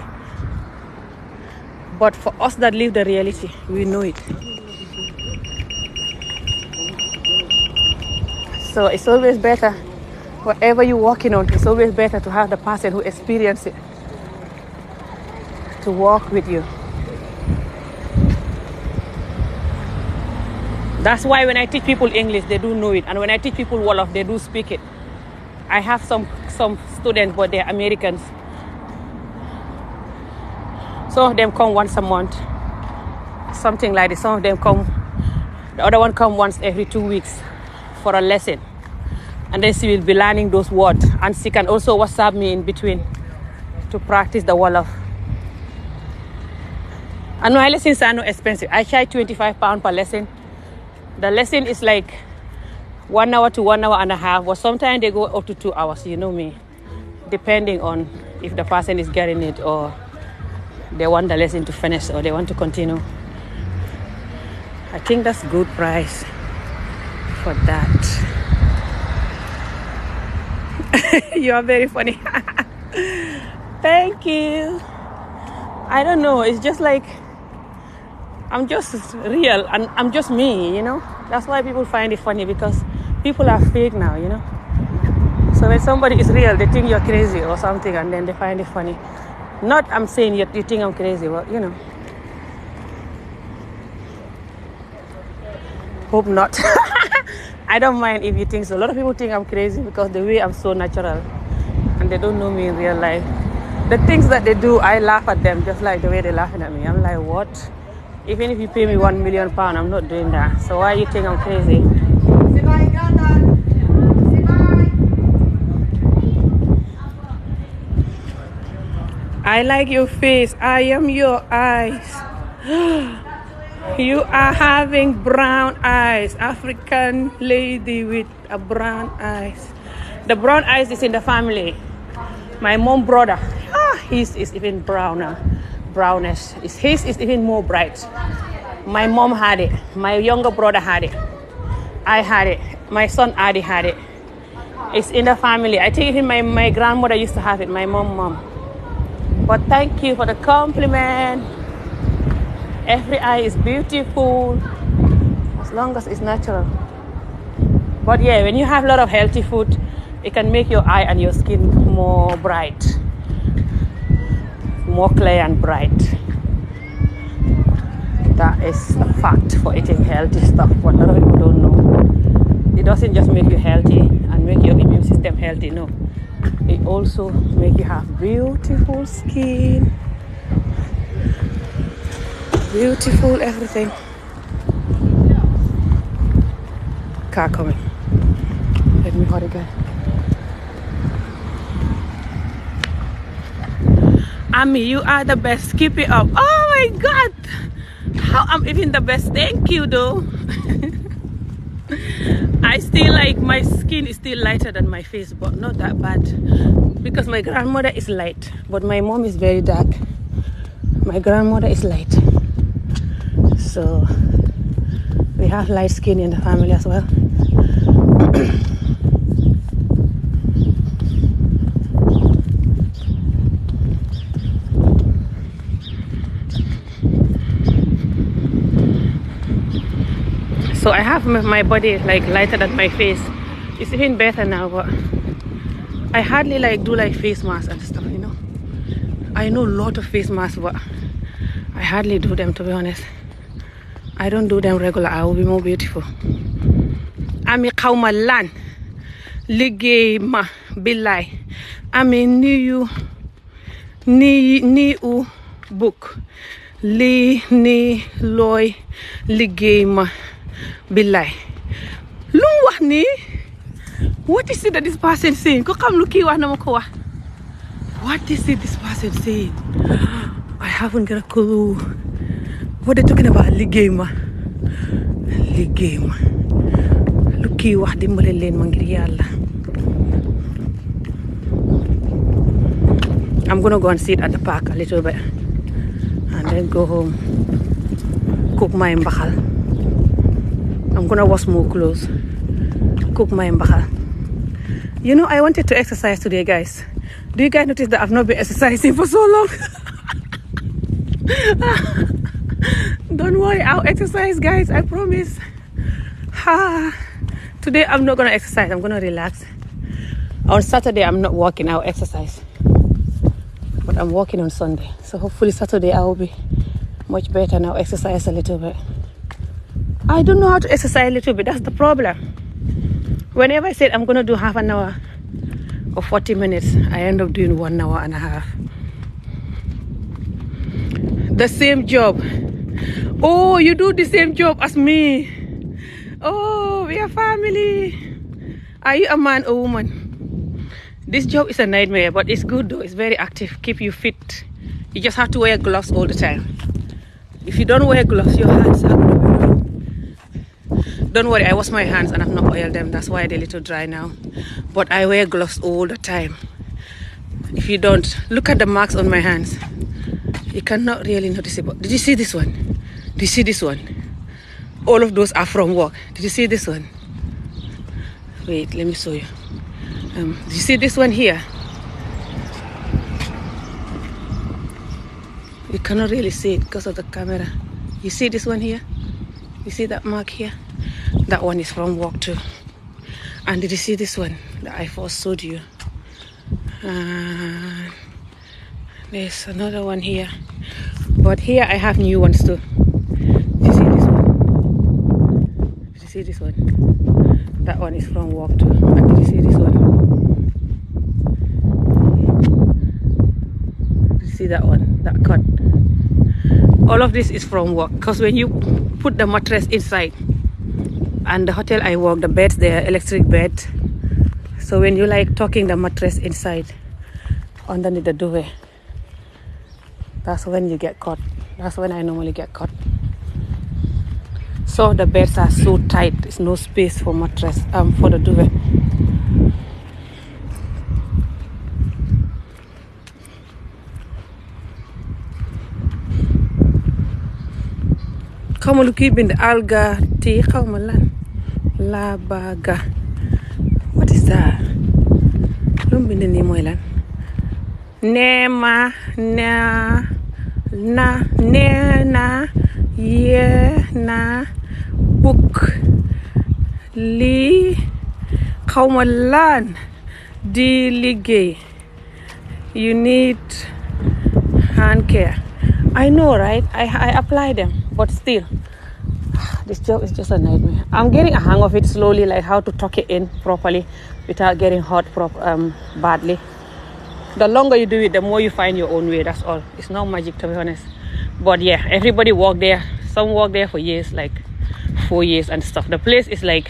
But for us that live the reality, we know it. So it's always better, whatever you're working on, it's always better to have the person who experiences it to walk with you. That's why when I teach people English, they do know it. And when I teach people Wolof, they do speak it. I have some, some students, but they're Americans. Some of them come once a month, something like this. Some of them come, the other one come once every two weeks for a lesson. And then she will be learning those words. And she can also WhatsApp me in between to practice the Wolof. And my lessons are not expensive. I charge 25 pounds per lesson. The lesson is like one hour to one hour and a half, or sometimes they go up to two hours, you know me, depending on if the person is getting it or they want the lesson to finish or they want to continue. I think that's good price for that. you are very funny. Thank you. I don't know. It's just like I'm just real and I'm just me, you know. That's why people find it funny because people are fake now, you know. So when somebody is real, they think you're crazy or something and then they find it funny. Not I'm saying you, you think I'm crazy, but you know. Hope not. I don't mind if you think so. A lot of people think I'm crazy because the way I'm so natural and they don't know me in real life. The things that they do, I laugh at them just like the way they're laughing at me. I'm like, what? Even if you pay me one million pound, I'm not doing that. So why you think I'm crazy? I like your face. I am your eyes. you are having brown eyes. African lady with a brown eyes. The brown eyes is in the family. My mom brother, ah, his is even browner. brownish. It's, his is even more bright. My mom had it. My younger brother had it. I had it. My son Adi had it. It's in the family. I think even my, my grandmother used to have it, my mom, mom. But thank you for the compliment. Every eye is beautiful as long as it's natural. But yeah, when you have a lot of healthy food, it can make your eye and your skin more bright. more clear and bright. That is a fact for eating healthy stuff, but a lot of people don't know. It doesn't healthy and immune system healthy, no. It also make you have beautiful skin, beautiful everything. Car coming. Ami, you are the best. Keep it up. Oh my God. How I'm even the best. Thank you though. I still like my skin is still lighter than my face, but not that bad. Because my grandmother is light, but my mom is very dark. My grandmother is light. So we have light skin in the family as well. so I have my body lighter than my face it's even better now but I hardly like face masks and stuff you know I know a lot of face masks but I hardly do them to be honest I don't do them regular I will be more beautiful ami xaw lan liggéey ma billaay ami niyu ni ni u bukk lii nii looy liggéey ma billaay lu wax nii what is it that this person saying ko xam wax na ma ko wax what is it this person saying I haven't got a clue what they talking about liggéey ma liggéey ma lu wax dimbale leen ma ngir yàlla I'm gonna go and sit at a little bit and then go home cook my mbaxal I'm gonna wash more clothes, cook my mbaha. You know, I wanted to exercise today, guys. Do you guys notice that I've not been exercising for so long? Don't worry, I'll exercise, guys. I promise. Ah, today I'm not gonna exercise. I'm gonna relax. On Saturday I'm not working. I'll exercise, but I'm working on Sunday. So hopefully Saturday I will be much better. Now exercise a little bit. I don't know how to exercise a little bit. That's the problem. Whenever I said I'm going to do half an hour or 40 minutes, I end up doing one hour and a half. The same job. Oh, you do the same job as me. Oh, we are family. Are you a man or woman? This job is a nightmare, but it's good though. It's very active, keep you fit. You just have to wear gloves all the time. If you don't wear gloves, your hands are Don't worry, I wash my hands and I've not oiled them. That's why they're a little dry now. But I wear gloves all the time. If you don't, look at the marks on my hands. You cannot really notice it. But did you see this one? Did you see this one? All of those are from work. Did you see this one? Wait, let me show you. Um, did you see this one here? You cannot really see it because of the camera. You see this one here? You see that mark here? that one is from walk two and did you see this one that i first showed you uh, there's another one here but here i have new ones too did you see this one did you see this one that one is from walk two and did you see this one did you see that one that cut all of this is from work because when you put the mattress inside and the hotel I work the beds they are electric bed so when you like tucking the mattress inside underneath the duvet that's when you get caught that's when I normally get caught so the beds are so tight there's no space for mattress um for the duvet xawma lu kii bind alga tii xawma lan Labaga what is that lu mu bind nii mooy lan neema na na neena yeena bukk lii xawma laan di liggéey you need hand care I know right I apply them but still it's just, it's just a nightmare. I'm getting a hang of it slowly, like how to tuck it in properly without getting hot prop um, badly. The longer you do it, the more you find your own way. That's all. It's not magic, to be honest. But yeah, everybody walk there. Some walk there for years, like four years and stuff. The place is like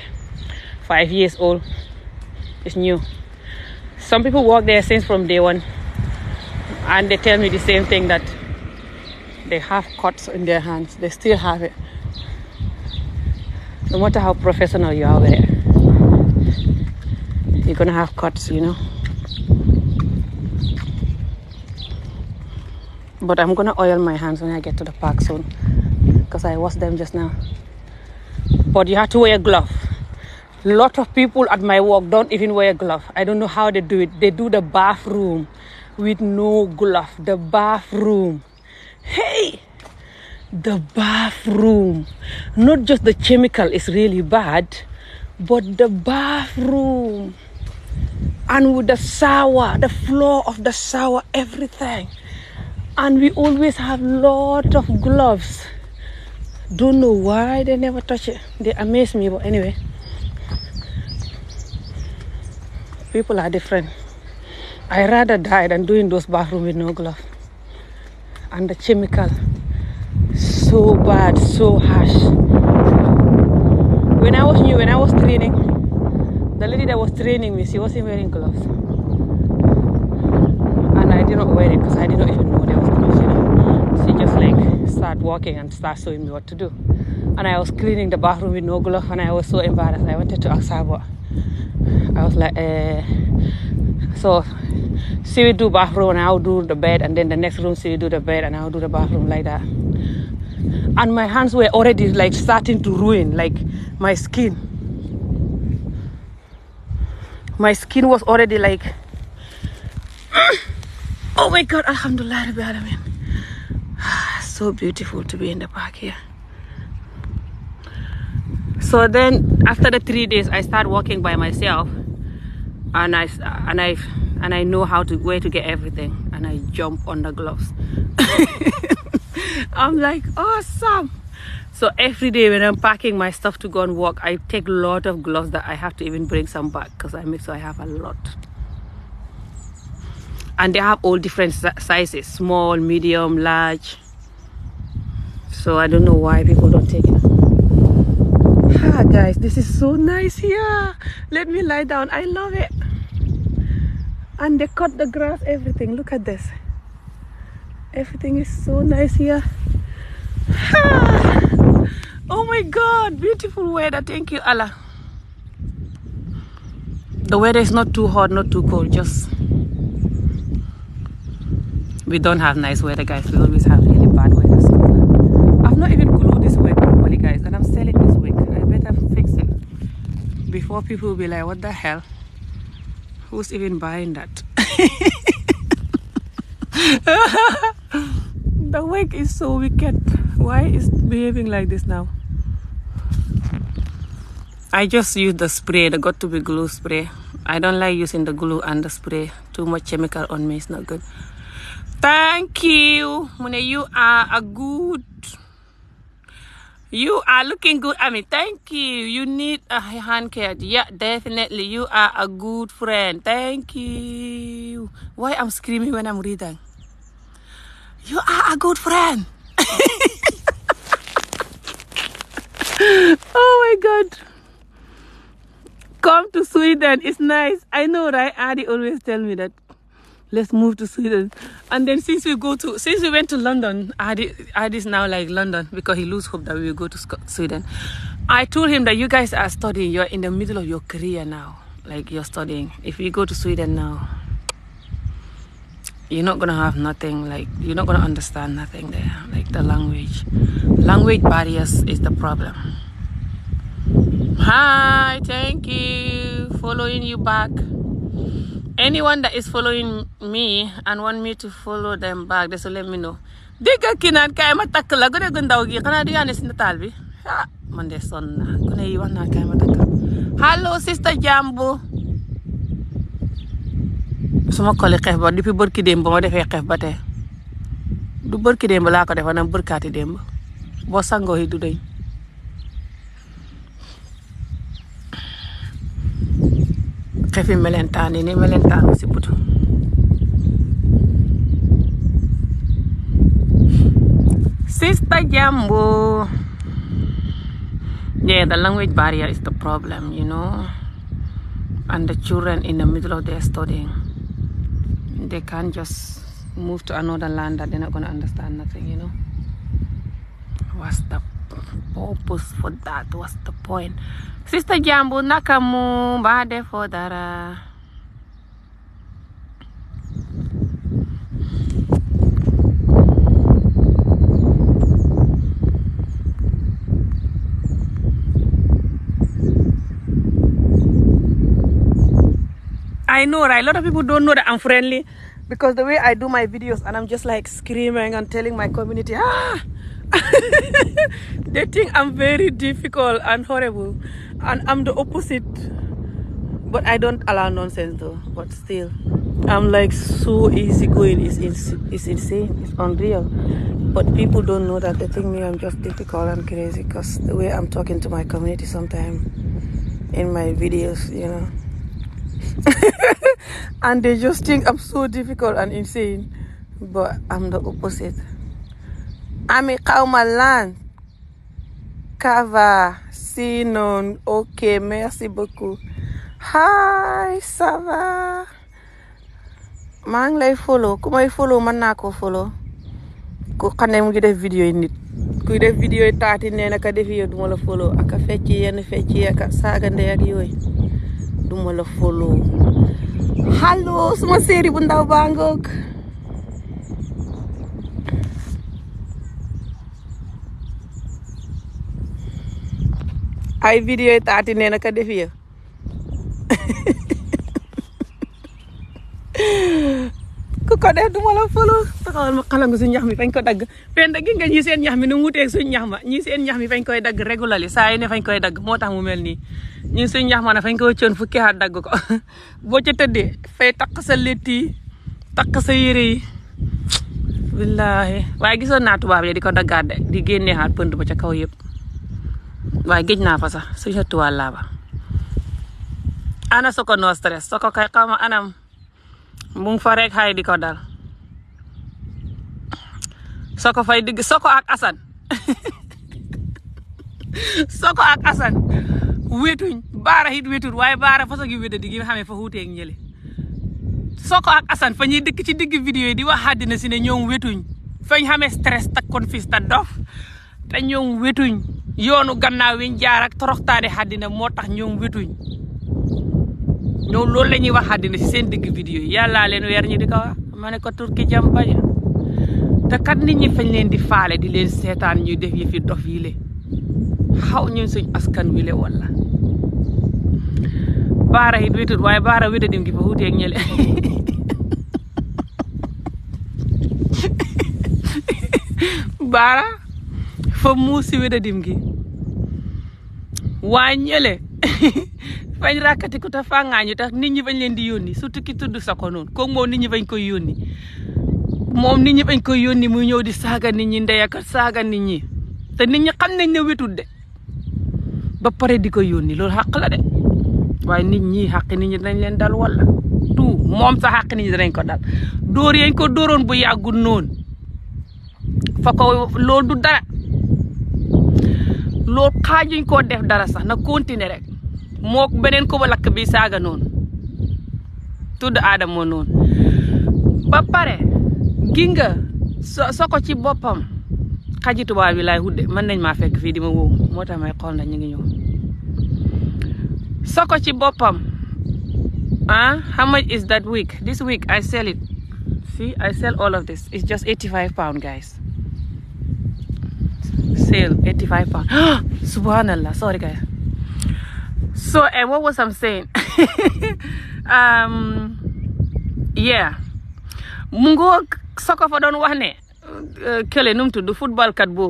five years old. It's new. Some people walk there since from day one, and they tell me the same thing that they have cuts in their hands. They still have it No matter how professional you are with it, you're gonna have cuts, you know. But I'm gonna oil my hands when I get to the park soon because I washed them just now. But you have to wear a glove. A lot of people at my work don't even wear a glove. I don't know how they do it. They do the bathroom with no glove. The bathroom. Hey! the bathroom. Not just the chemical is really bad, but the bathroom. And with the shower, the floor of the shower, everything. And we always have lot of gloves. Don't know why they never touch it. They amaze me, but anyway. People are different. I rather die than doing those bathroom with no glove. And the chemical so bad, so harsh. When I was new, when I was training, the lady that was training me, she wasn't wearing gloves. And I did not wear it because I did not even know there was gloves, you what I was cleaning the bathroom with no glove and I was so embarrassed. I I was like, eh, bathroom and I'll do and then the next room she would the bed and the bathroom like that. and my hands were already like starting to ruin like my skin my skin was already like oh my god alhamdulillah rabbil alamin so beautiful to be in the park here so then after the three days i start walking by myself and i and i and i know how to where to get everything and i jump on the gloves I'm like, awesome. So every day when I'm packing my stuff to go and walk, I take a lot of gloves that I have to even bring some back because I make so I have a lot. And they have all different sizes, small, medium, large. So I don't know why people don't take it. Ah, guys, this is so nice here. Let me lie down. I love it. And they cut the grass, everything. Look at this. Everything is so nice here. Ah! Oh my God, beautiful weather. Thank you, Allah. The weather is not too hot, not too cold, just we don't have nice weather guys we always have really bad weather so not even glued this work properly and i'm selling this work i better fix it before people will be like what the hell who's even buying that the wake is so wicked. Why is behaving like this now? I just use the spray, the got to be glue spray. I don't like using the glue and the spray. Too much chemical on me, it's not good. Thank you. Mune, you are a good. You are looking good. I mean, thank you. You need a hand care. Yeah, definitely. You are a good friend. Thank you. Why I'm screaming when I'm reading? You are a good friend. oh my God. Come to Sweden. It's nice. I know, right? Adi always tell me that. Let's move to Sweden. And then since we go to, since we went to London, Adi, Adi's now like London because he lose hope that we will go to Sweden. I told him that you guys are studying. You're in the middle of your career now. Like you're studying. If you go to Sweden now, you're not gonna have nothing like you're not gonna understand nothing there like the language language barriers is the problem hi thank you following you back anyone that is following me and want me to follow them back they should let me know dégg kii naan kaay ma takk la gone gu ndaw gi xanaa du yaane si man de sonn naa gone yi wax naan kaay ma takk allo sister Jambo su ma koli xef ba depuis bërki démb ba ma defee xef ba tey du bërki démb laa ko defa nag bërkaati démb boo sangoo yi du doy xefi melentaan yi ni melentaan si butu Sister Jambo. Yeah, the language barrier is the problem, you know. And children in the middle of their studying. they can't just move to another land that they're not understand nothing, you know. What's the purpose for that? What's the point? Sister Jambu I know, right? A lot of people don't know that I'm friendly because the way I do my videos and I'm just like screaming and telling my community, ah, they think I'm very difficult and horrible. And I'm the opposite. But I don't allow nonsense though, but still. I'm like so easygoing. It's, ins it's insane. It's unreal. But people don't know that. They think me, I'm just difficult and crazy because the way I'm talking to my community sometimes in my videos, you know. and they just think I'm so difficult and insane but I'm the opposite ami xawma lan ça va sinon ok merci beaucoup hi ça va ngi lay follow ku may follow mën naa ko follow ku xam ne mu ngi def vidéo yi nit kuy def vidéo yi taati nee na ka def duma la follow ak a fecc yenn fecc yi ak a saaga ndey ak duma la follow allo suma séeri bu ndaw ay vidéo yi taati nee def ku ko def du ma la folo taxawal ma xalangu suñ ñax mi fañ ko dagg pen dagg nga ñii seen ñax mi nu mu wuteeg suñ ñax ma ñii seen ñax mi fañ koy dagg régulali saa yi ne fañ koy dag moo tax mu mel ni ñii suñ ñax ma ne fañ ko wëccoon fukki at dagg ko boo ca tëddee fay taq sa létt yi taq sa yére yi billaahi waaye gisoon naa tubaab yi di ko daggaat de di génnee xaat pënd ba ca kaw yëpp waaye géej naa fa sax suñu laa ba ana soko no stress soko kay xaw anam mu ngi fa rek xay di ko dal soko fay digg soko ak asan soko ak asan wetuñ baara it wetul waaye baara façon gi wéda di gi nga fa xuuteeg ñële soko ak asan fa ñuy dëkk ci digg vidéo yi di wax àddina si ne ñoom wetuñ fañ xamee stress tak confis ta dof te ñoom wetuñ yoonu gannaaw wiñ jaar ak toroxtaane àddina moo tax ñoom wetuñ ñoom loolu la ñuy wax àddina si seen digg vidéo yi yàllaa leen weer ñi di ko wax ma ne ko turki jam baña te kat nit ñi fañ leen di faale di leen seetaan ñuy def yëfi dof yi le xaw ñun suñ askan wi le wala baara it wétut waaye baara wétadim gi fa wuuteeg ñële baara fa muus si wétadim gi waa ñële bañ rakkati ku te fàngaañu tax nit ñi bañ leen di yónni surtout ki tudd sa ko noonu kooku moom nit ñi bañ koy yónni moom nit ñi bañ ko yónni mu ñëw di saaga nit ñi ndey ak saaga nit ñi te nit ñi xam nañ ne wetul de ba pare di ko yónni loolu xàq la de waaye nit ñi xàq nit ñi dañ leen dal wala tout moom sa xàq nit ñi danañ ko dal dóor yañ ko dóoroon bu yàggul noonu fa ko loolu du dara loolu xaajuñ koo def dara sax na continuer rek moo beneen ko ba lakk bi saaga noonu tudd aadamoo noon ba pare gi nga so soko ci boppam xaji tubaab yi laay hudde mën nañ maa fekk fii di ma woowu moo tax may xool na ñu ngi ñëw soko ci boppam ah how much is that week this week I sell it fii I sell all of this it's just 85 pound guys sale 85 pound subhanallah sorry guys so and what was i'm saying um yeah mu ngoog soko fa doon wax ne uh, kële num tudd football kat bu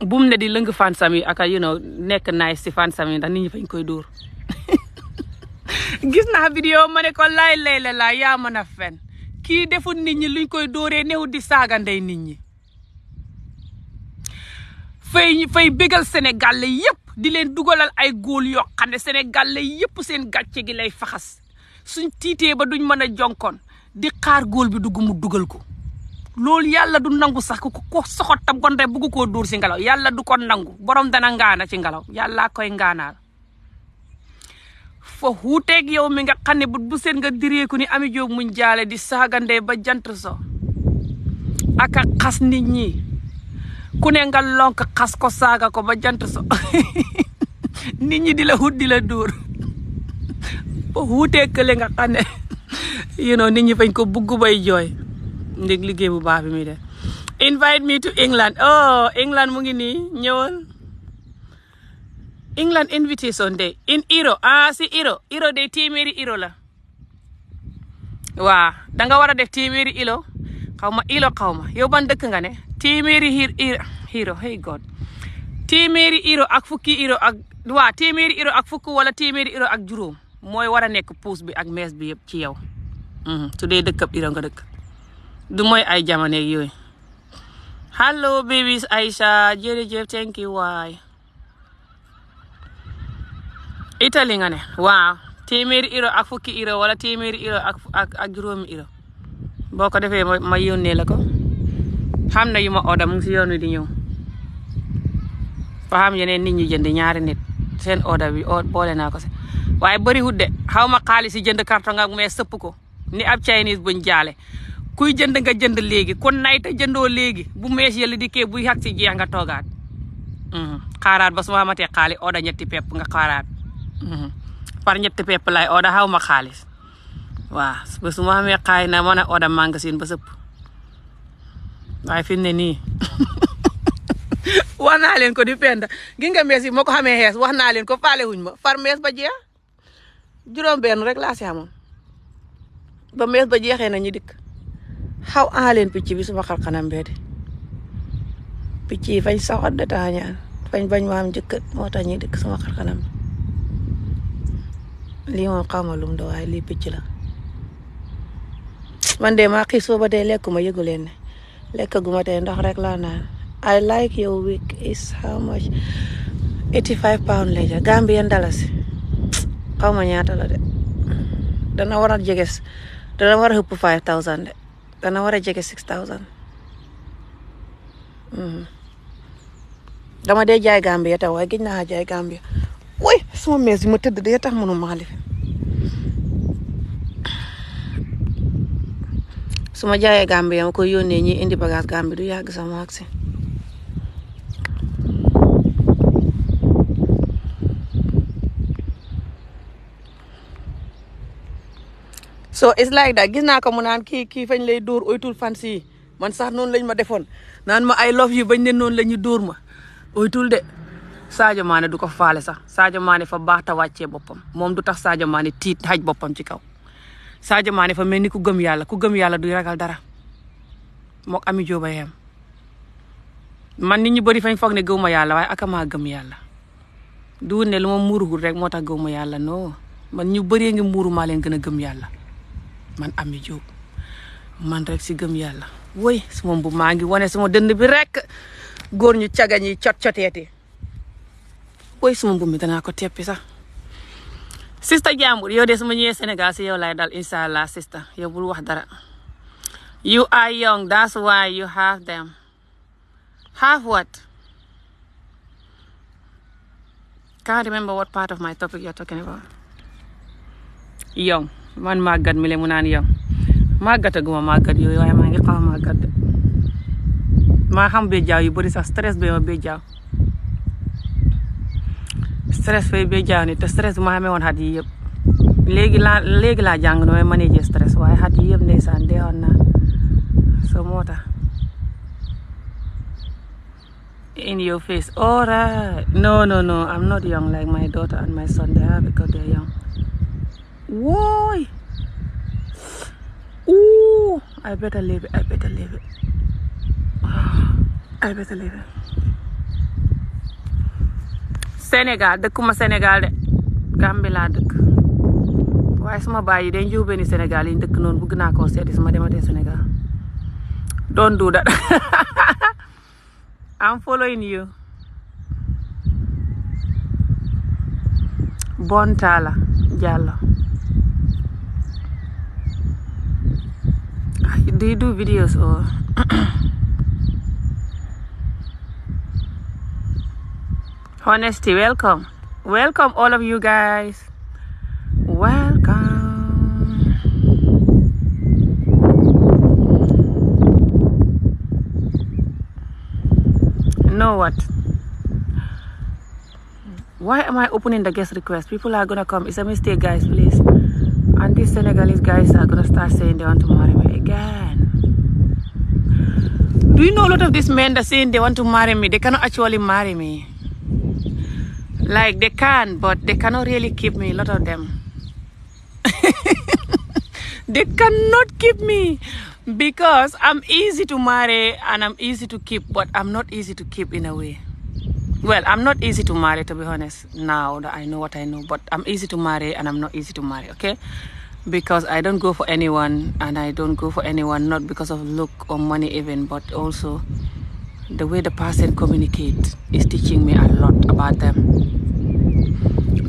bum ne di lëng fansam yi a you know nekk nice si fansam yi ndax nit ñi koy dóor gis na vidéo ma ne ko laay lay la laa yaa mën a fen kii deful nit ñi luñ koy dóoree newut di saaga ndey nit ñi fay fay bégal Sénégal yëpp di leen dugalal ay góol yoo xam ne Sénégal la seen gàcce gi lay faxas suñ tiitee ba duñ mën a jonkoon di xaar góol bi dugg mu dugal ko loolu yàlla du nangu sax ku ko soxot tam kon rek koo dóor si ngelaw yàlla du ko nangu borom dana ngaana ci ngelaw yàllaa koy ngaanaal fa xuuteeg yow mi nga xam ne bu seen nga direeku ni ami jóob muñ jaale di saagande ba jant so ak a xas nit ñi ku ne nga lonk xas ko saaga ko ba jant so nit ñi di la wut di la dóor ba wutee kële nga xam ne you nit ñi fañ ko bugg bay jooy ndég liggéey bu baax mi muy invite me to England oh England mu ngi nii ñëwal England invitation day in euro ah si euro euro day téeméeri euro la waa danga war a def téeméeri euro xaw ma euro xaw ma yow ban dëkk nga ne téeméeri hir hiro hey God téeméeri hiro ak fukki hiro ak waa téeméeri hiro ak fukk wala téeméeri iro ak juróom mooy war a nekk puus bi ak mees bi yëpp ci yow mm-hmm. su dee dëkkab hiro nga dëkk du mooy ay jamono yooyu hello babies Aïcha jërëjëf thank you waay Italie nga ne waaw téeméeri euro ak fukki euro wala téeméeri euro ak ak ak juróomi boo ko defee ma yónnee la ko xam na yu ma oda mu si yoon wi di ñëw ba xam yeneen nit ñu jënd ñaari nit seen oda bi boole naa ko si waaye bëriwut de xaw ma xaalis yi jënd carton ak mais sëpp ko ni ab Chinese buñ jaale kuy jënd nga jënd léegi kon nay te jëndoo léegi bu mees yële di kee buy xag si jeex nga toogaat mm-hmm. xaaraat ba suma ma xamatee xaalis oda ñetti pepp nga xaaraat mm-hmm. par ñetti pepp lay oda xaw ma xaalis waaw ba su ma xamee xaalis na mën a oda magasin ba sëpp waaye fi ne nii wax naa leen ko di penda gi nga mees yi moo ko xamee xees wax naa leen ko faale wuñ ma far mees ba jeex juróom benn rek laa si amoon ba mees ba jeexee na ñu dikk xaw a leen picc bi suma xar xanam bee de picc yi fañ saxat de taxañaan fañ bañ ma am jëkkër moo tax ñuy dikk suma xar lii moom xaw ma lum waaye lii picc la man de maa xiis ba tey lekkuma yëgu leen ne lekkaguma te ndox rek laa naan I like your wig is how much eighty five pound lay jar Gambien dalasi xaw ma ñaata la de dana wara a dana war a ëpp five thousand de dana war a jege six thousand mm-hmm. dama dee jaay Gambia taw waaye gis naa jaay Gambia woy mees yi ma tëdd dee tax mënu maa lifi su ma jaayee Gambie ma koy yónnee ñi indi bagage Gambie du yàgg sax ma agsi so it's like that gis naa ko mu naan kii kii fañ lay dóor oytul fan si man sax noonu lañ ma defoon naan ma I love you bañ ne noonu lañu dóor ma oytul de Sadio maane du ko faale sax Sadio Mané fa baax ta wàccee boppam moom du tax Sadio Mané tiit xaj boppam ci kaw. saa Mané fa mel ni ku gëm yàlla ku gëm yàlla du ragal dara moo Ami Diop yem man nit ñu bëri fañ foog ne gëw ma yàlla waaye akamaa gëm yàlla du ne lu ma muurugul rek moo tax gëw ma yàlla non man ñu bari ngi muuru maa leen gën a gëm yàlla man Ami Diop man rek si gëm yàlla woy suma mbu maa ngi wane suma dënd bi rek góor ñu caga ñi cot coteeti woy suma mbu mi danaa ko teppi sax sista jàmbur yow de su ma ñëwee Sénégal si yow laay dal incha sista yow wax dara. you are young that's why you have them. have what. can't remember what part of my topic you're talking about. yow man màggat mi le mu naan yow màggataguma màggat yooyu waaye maa ngi xaw màggat de maa xam bee jaaw yu bëri sax stress bi ma bee jaaw stress fay bee jaani te stress bu ma xamee woon xat yi yëpp léegi laa léegi laa jàng nooy stress waaye xat yi yëpp ndeysaan deewoon naa so moo tax in your face all right no no no I'm not young like my daughter and my son they are young wooy ooh I better leave I better leave I better leave Sénégal dëkkuma Sénégal de Gàmbi laa dëkk waaye suma baay yi day njóobeeni Sénégal yi dëkk noon bëgg naa koo seeti suma dematee Sénégal don't do that I'm following you Bontala ah, Diallo do you do videos or oh. honesty welcome welcome all of you guys welcome know what why am i opening the guest request people are gonna come it's a mistake guys please and these senegalese guys are gonna start saying they want to marry me again do you know lot of these men they want to marry me they cannot actually marry me Like they can, but they cannot really keep me, a lot of them. they cannot keep me because I'm easy to marry and I'm easy to keep, but I'm not easy to keep in a way. Well, I'm not easy to marry, to be honest, now that I know what I know, but I'm easy to marry and I'm not easy to marry, okay? Because I don't go for anyone and I don't go for anyone, not because of look or money even, but also the way the person communicates is teaching me a lot about them.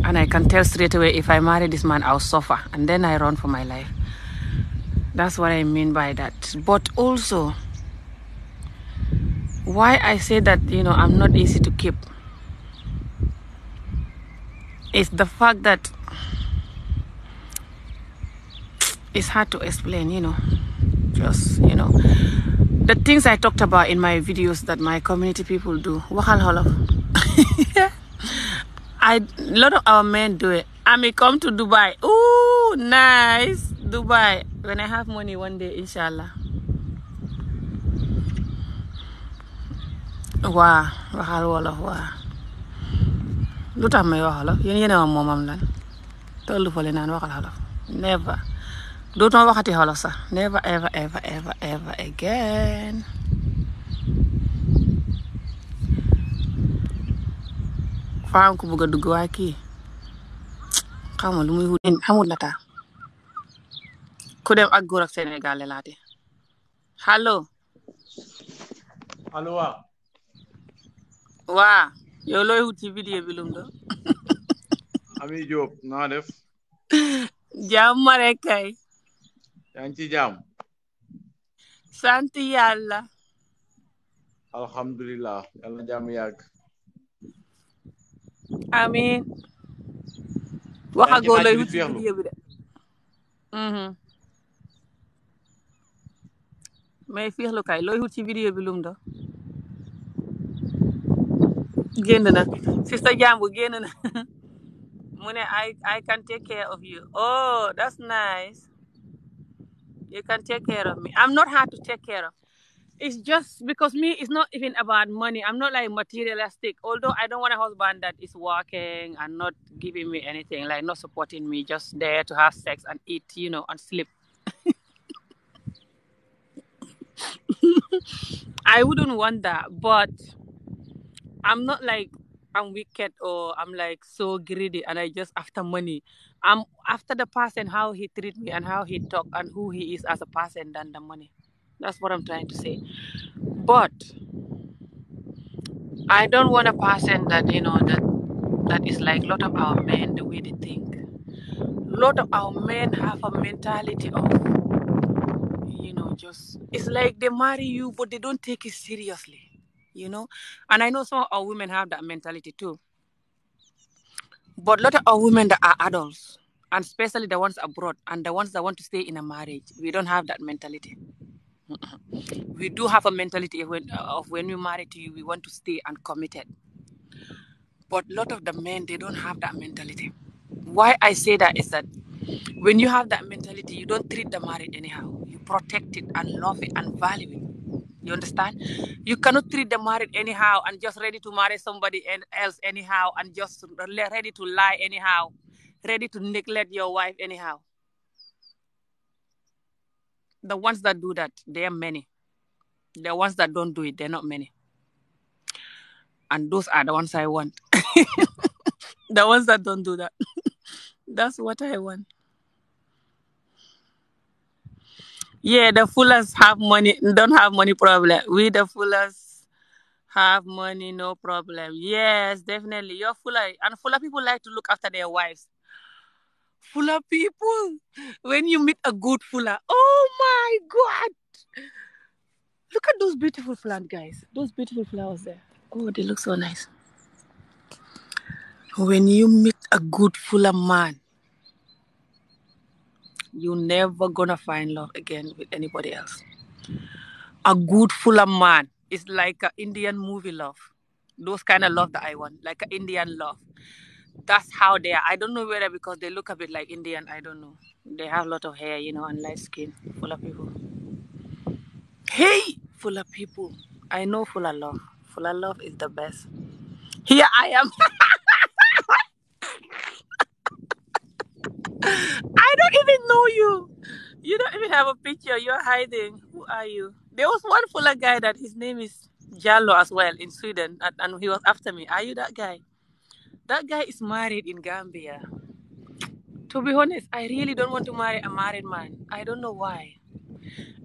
and I can tell straight away if I marry this man, I'll suffer. And then I run for my life. That's what I mean by that. But also, why I say that, you know, I'm not easy to keep is the fact that it's hard to explain, you know. Just, you know, the things I talked about in my videos that my community people do, Wahal Holof. I a lot of our men do it. come to Dubai. Ooh, nice Dubai. When I have money one day, inshallah. waa waxal wolof waa lu tax may wax wolof yéen yéen a ma moomam lan tollu fa le wolof never dootuma waxati wolof sax never ever ever ever again faa ko bëgg a dugg waaye kii xam nga lu muy wut amul lataa ku dem ak góor ak Sénégal laate allo allo waa waa yow looy wut ci vidéo bi lum do Ami Diop naa def jàmm ma rek kay sant yàlla alhamdulilah yàlla jàmm yàgg amiin waxagoo lay wut vidéo de mm-hmm. mais fiixlu kay looy wut ci vidéo bi lum do génn na si sa jàmbu génn na mu ne I I can take care of you oh that's nice you can take care of me I'm not hard to take care of it's just because me, it's not even about money. I'm not like materialistic. Although I don't want a husband that is working and not giving me anything, like not supporting me, just there to have sex and eat, you know, and sleep. I wouldn't want that, but I'm not like I'm wicked or I'm like so greedy and I just after money. I'm after the person how he treat me and how he talk and who he is as a person than the money. That's what I'm trying to say. But I don't want a person that you know that that is like lot of our men the way they think. lot of our men have a mentality of you know just it's like they marry you but they don't take it seriously, you know. And I know some of our women have that mentality too. But lot of our women that are adults, and especially the ones abroad and the ones that want to stay in a marriage, we don't have that mentality. we do have a mentality of when, uh, of when we marry to you, we want to stay uncommitted. But a lot of the men, they don't have that mentality. Why I say that is that when you have that mentality, you don't treat the marriage anyhow. You protect it and love it and value it. You understand? You cannot treat the marriage anyhow and just ready to marry somebody else anyhow and just ready to lie anyhow, ready to neglect your wife anyhow. the ones that do that, they many. The ones that don't do it, they're not many. And those are the ones I want. the ones that don't do that. That's what I want. Yeah, the fullers have money, don't have money problem. We the fullers have money, no problem. Yes, definitely. You're fuller, and fuller people like to look after their wives. Fula people, when you meet a good Fula, oh my God. Look at those beautiful plant guys. Those beautiful flowers there. Oh, they look so nice. When you meet a good Fula man, you're never gonna find love again with anybody else. A good Fula man is like an Indian movie love. Those kind of love that I want, like an Indian love. that's how they are. I don't know whether because they look a bit like Indian. I don't know. They have a lot of hair, you know, and people. Hey, Fula people. I know Fula love. Fula love is the best. Here I am. I don't even know you. You don't even have a picture. You're hiding. Who are you? There was one Fula guy that his name is Jallo as well in Sweden, and he was after me. Are you that guy? that guy is married in Gambia. To be honest, I really don't want to marry a married man. I don't know why.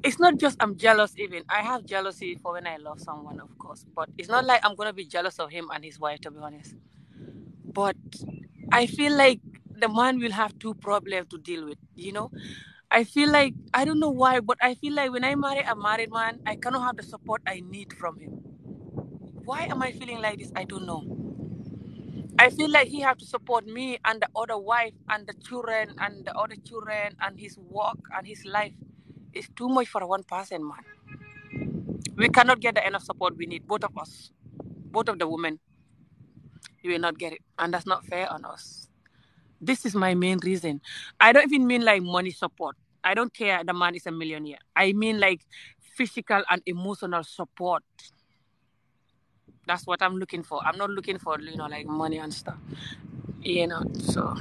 It's not just I'm jealous, even. I have jealousy for when I love someone, of course. But it's not like I'm going to be jealous of him and his wife, to be honest. But I feel like the man will have two problems to deal with, you know? I feel like, I don't know why, but I feel like when I marry a married man, I cannot have the support I need from him. Why am I feeling like this? I don't know I feel like he have to support me and the other wife and the children and the other children and his work and his life. It's too much for one person, man. We cannot get the enough support we need, both of us, both of the women. You will not get it, and that's not fair on us. This is my main reason. I don't even mean like money support. I don't care the man is a millionaire. I mean like physical and emotional support. that's what I'm looking for. I'm not looking for like money and You know, so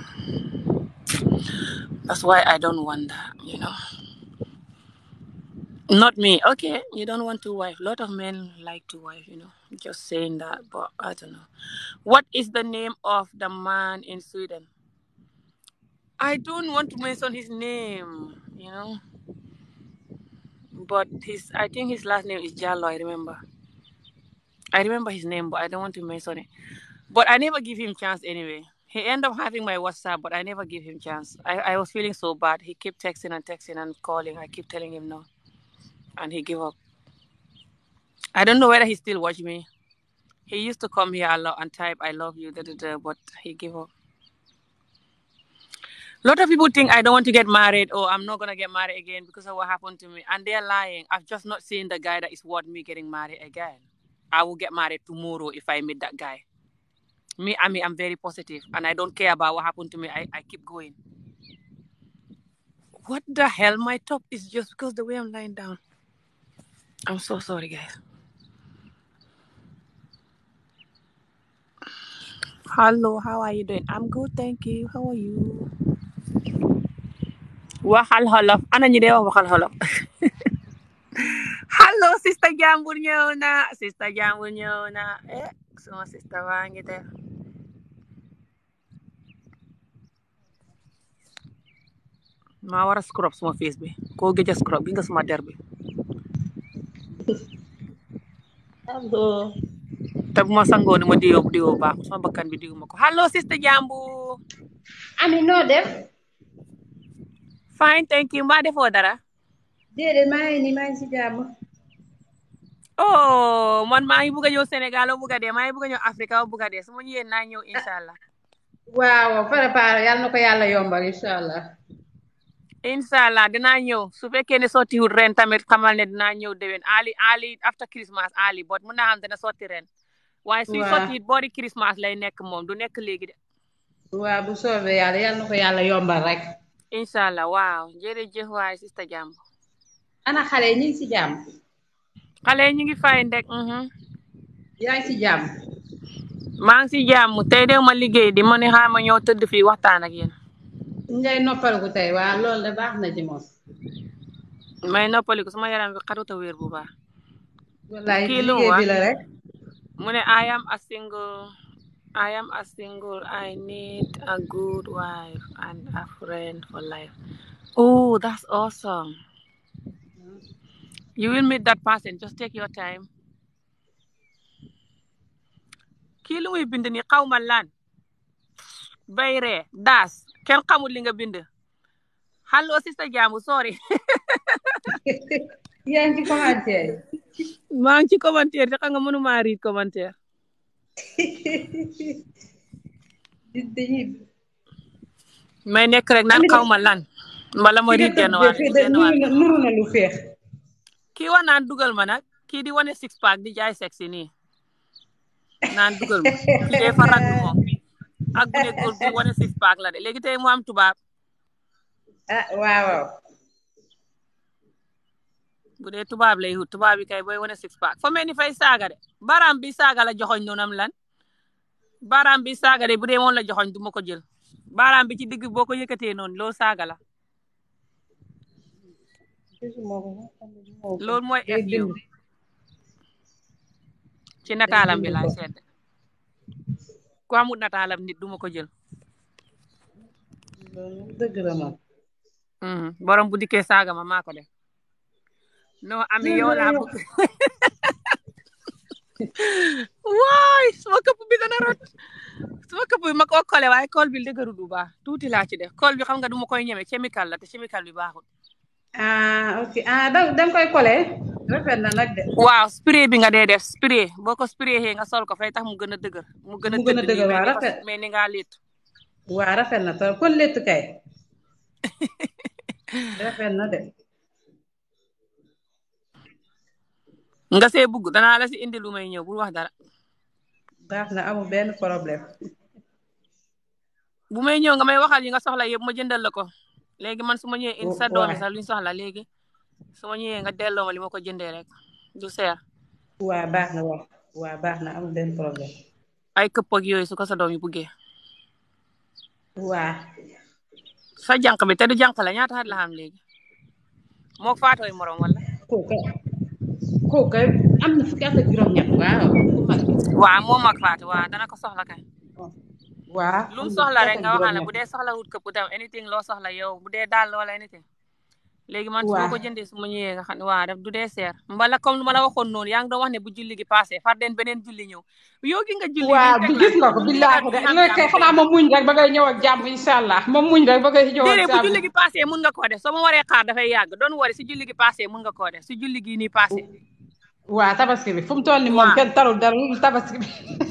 that's why I don't want that, you know. Not me. Okay, you don't want to wife. lot of men like to wife, you know. Just saying that, but I don't know. What is the name of the man in Sweden? I don't want to mention his name, you know. But I think his last name is Jallo, I remember. I remember his name, but I never give him chance anyway. He ended up having my WhatsApp, but I never give him chance. I, was feeling so bad. He kept texting and texting and calling. I keep telling him no, and he gave up. I don't know whether he still watch me. He used to come here a and type "I love you," da, da, but he gave up. lot of people think I don't want to get married or I'm not gonna get married again because of what happened to me, and they're I will get married tomorrow if I meet that guy. Me, I mean, very positive and I don't care about what happened to me. I, keep going. What the hell? My top is just because the way I'm lying down. I'm so sorry, guys. Hello, how are you doing? I'm good, thank you. How are you? waxal xolof ana ñu dee wax waxal xolof hello, sister Jambur ñëw na sister Jambur ñëw na eh suma sister baa maa war a scrub suma face bi koo gëj a suma der te bu ma sangoo ni ma diwoo diwoo baax suma bi diwu ko hello sister Jambur ami def fine thank you defoo dara déedéet maa ngi nii si jàmm oh man maa ngi bugg a ñëw Sénégal a bugg a maa ngi bugg a ñëw Afrique a bugg a naa ñëw incha allah. waaw préparé yal na ko yàlla yombal incha allah. incha allah dinaa ñëw su fekkee ne sottiwul ren tamit xamal ne dinaa ñëw déwén Ali Ali after Christmas Ali bot mun naa xam ren. waaye suy sotti boori Christmas lay nekk moom du nekk léegi de. waaw bu soobee yàlla yal na ko yàlla yombal rek. incha allah waaw jërëjëf waay sista jàmm. ana xale ñi si jàmm. xale ñu ngi fay ndek. Mhm. yaa ngi si jàmm. maa si jàmm tey de ma liggéey di ma ne xaama ñoo tëdd fii waxtaan ak yéen. ngay noppaliku tey waa lool de baax na ci moom. may noppaliku sama yaram bi xaruta wér bu baax. wallaay liggéey bi la rek. mu ne I am a single I am a single I need a good wife and a friend for life. oh that's awesome. you will meet that person just take your time kii lu muy bind ni xaw ma lan bayree daas kenn xamul li nga bind allo sista jaamu sorry yaa ngi ci commentaire maa ngi ci commentaire te xam nga mënuma riid nekk rek naan xaw ma lan mbala ma riid genn wàll kii wa naan dugal ma nag kii di wane six pack di jaay sexe nii naan dugal ma kii fa raglu moom ak bu six pack la de léegi tey mu am tubaab. ah waaw waaw. bu tubaab lay wut tubaab yi kay booy wane six pack foo mel ni fay saaga de baram bi saaga la joxoñ noonam lan baram bi saaga de bu dee moom la joxoñ du ma ko jël baram bi ci digg boo ko yëkkatee noonu loo saaga la. lool mooy FU ci nataalam bi laay sedd ku amul nataalam nit duma ko jël dëgg la hmm, bu dikkee saaga ma maa ko def non ami yow laa bëgg waay suma këpp bi dana rot suma këpp bi ko kole waaye kool bi dëgëru du baax tuuti laa ci def kool bi xam nga duma ma ñeme chemical la te chemical bi baaxul ah ok ah, koy kole rafet na nag de. waaw spray bi nga dee def spray boo ko sprayé nga sol ko fay tax mu gën a dëgër. mu gën a dëgër waaw rafet mais ni nga létt. waa rafet na trop kon létt kay. rafet na de. nga see bugg danaa la si indi lu may ñëw bul wax dara. baax na amul benn problème. bu may ñëw nga may waxal yi nga soxla yëpp ma jëndal la ko. léegi man su ma ñëwee indi sa doomi sax luñ soxla léegi su ñëwee nga delloo li ma ko jëndee rek du seer. waaw baax na waaw waaw baax na amul benn problème. ay këpp ak yooyu su ko sa doom yi buggee. waaw. sa jànq bi te du jànq la ñaata at la xam léegi. moo faatooy morom wala. kooka kooka am na fukki at ak juróom-ñett waaw. waaw moo mag faatu waaw ko soxla waaw lu soxla rek nga waxal la bu dee soxla wut këpp tam anything loo soxla yow bu dee daal wala anything léegi man su ma ko jëndee su ma ñëwee nga xam ne waaw def du dee seer mbala comme lu ma la waxoon noonu yaa ngi doon wax bu julli gi passé far den beneen julli ñëw yow gi nga julli waaw bi gis nga ko de léegi kay xanaa ma muñ rek ba ngay ñëw ak jàmm incha allah ma muñ rek ba ngay ñëw ak jàmm bu julli gi yàgg doon wari si julli gi passé mun nga koo def si julli gi nii passé waa tabaski bi fu mu toll nii moom kenn tarul dara lu tabaski bi.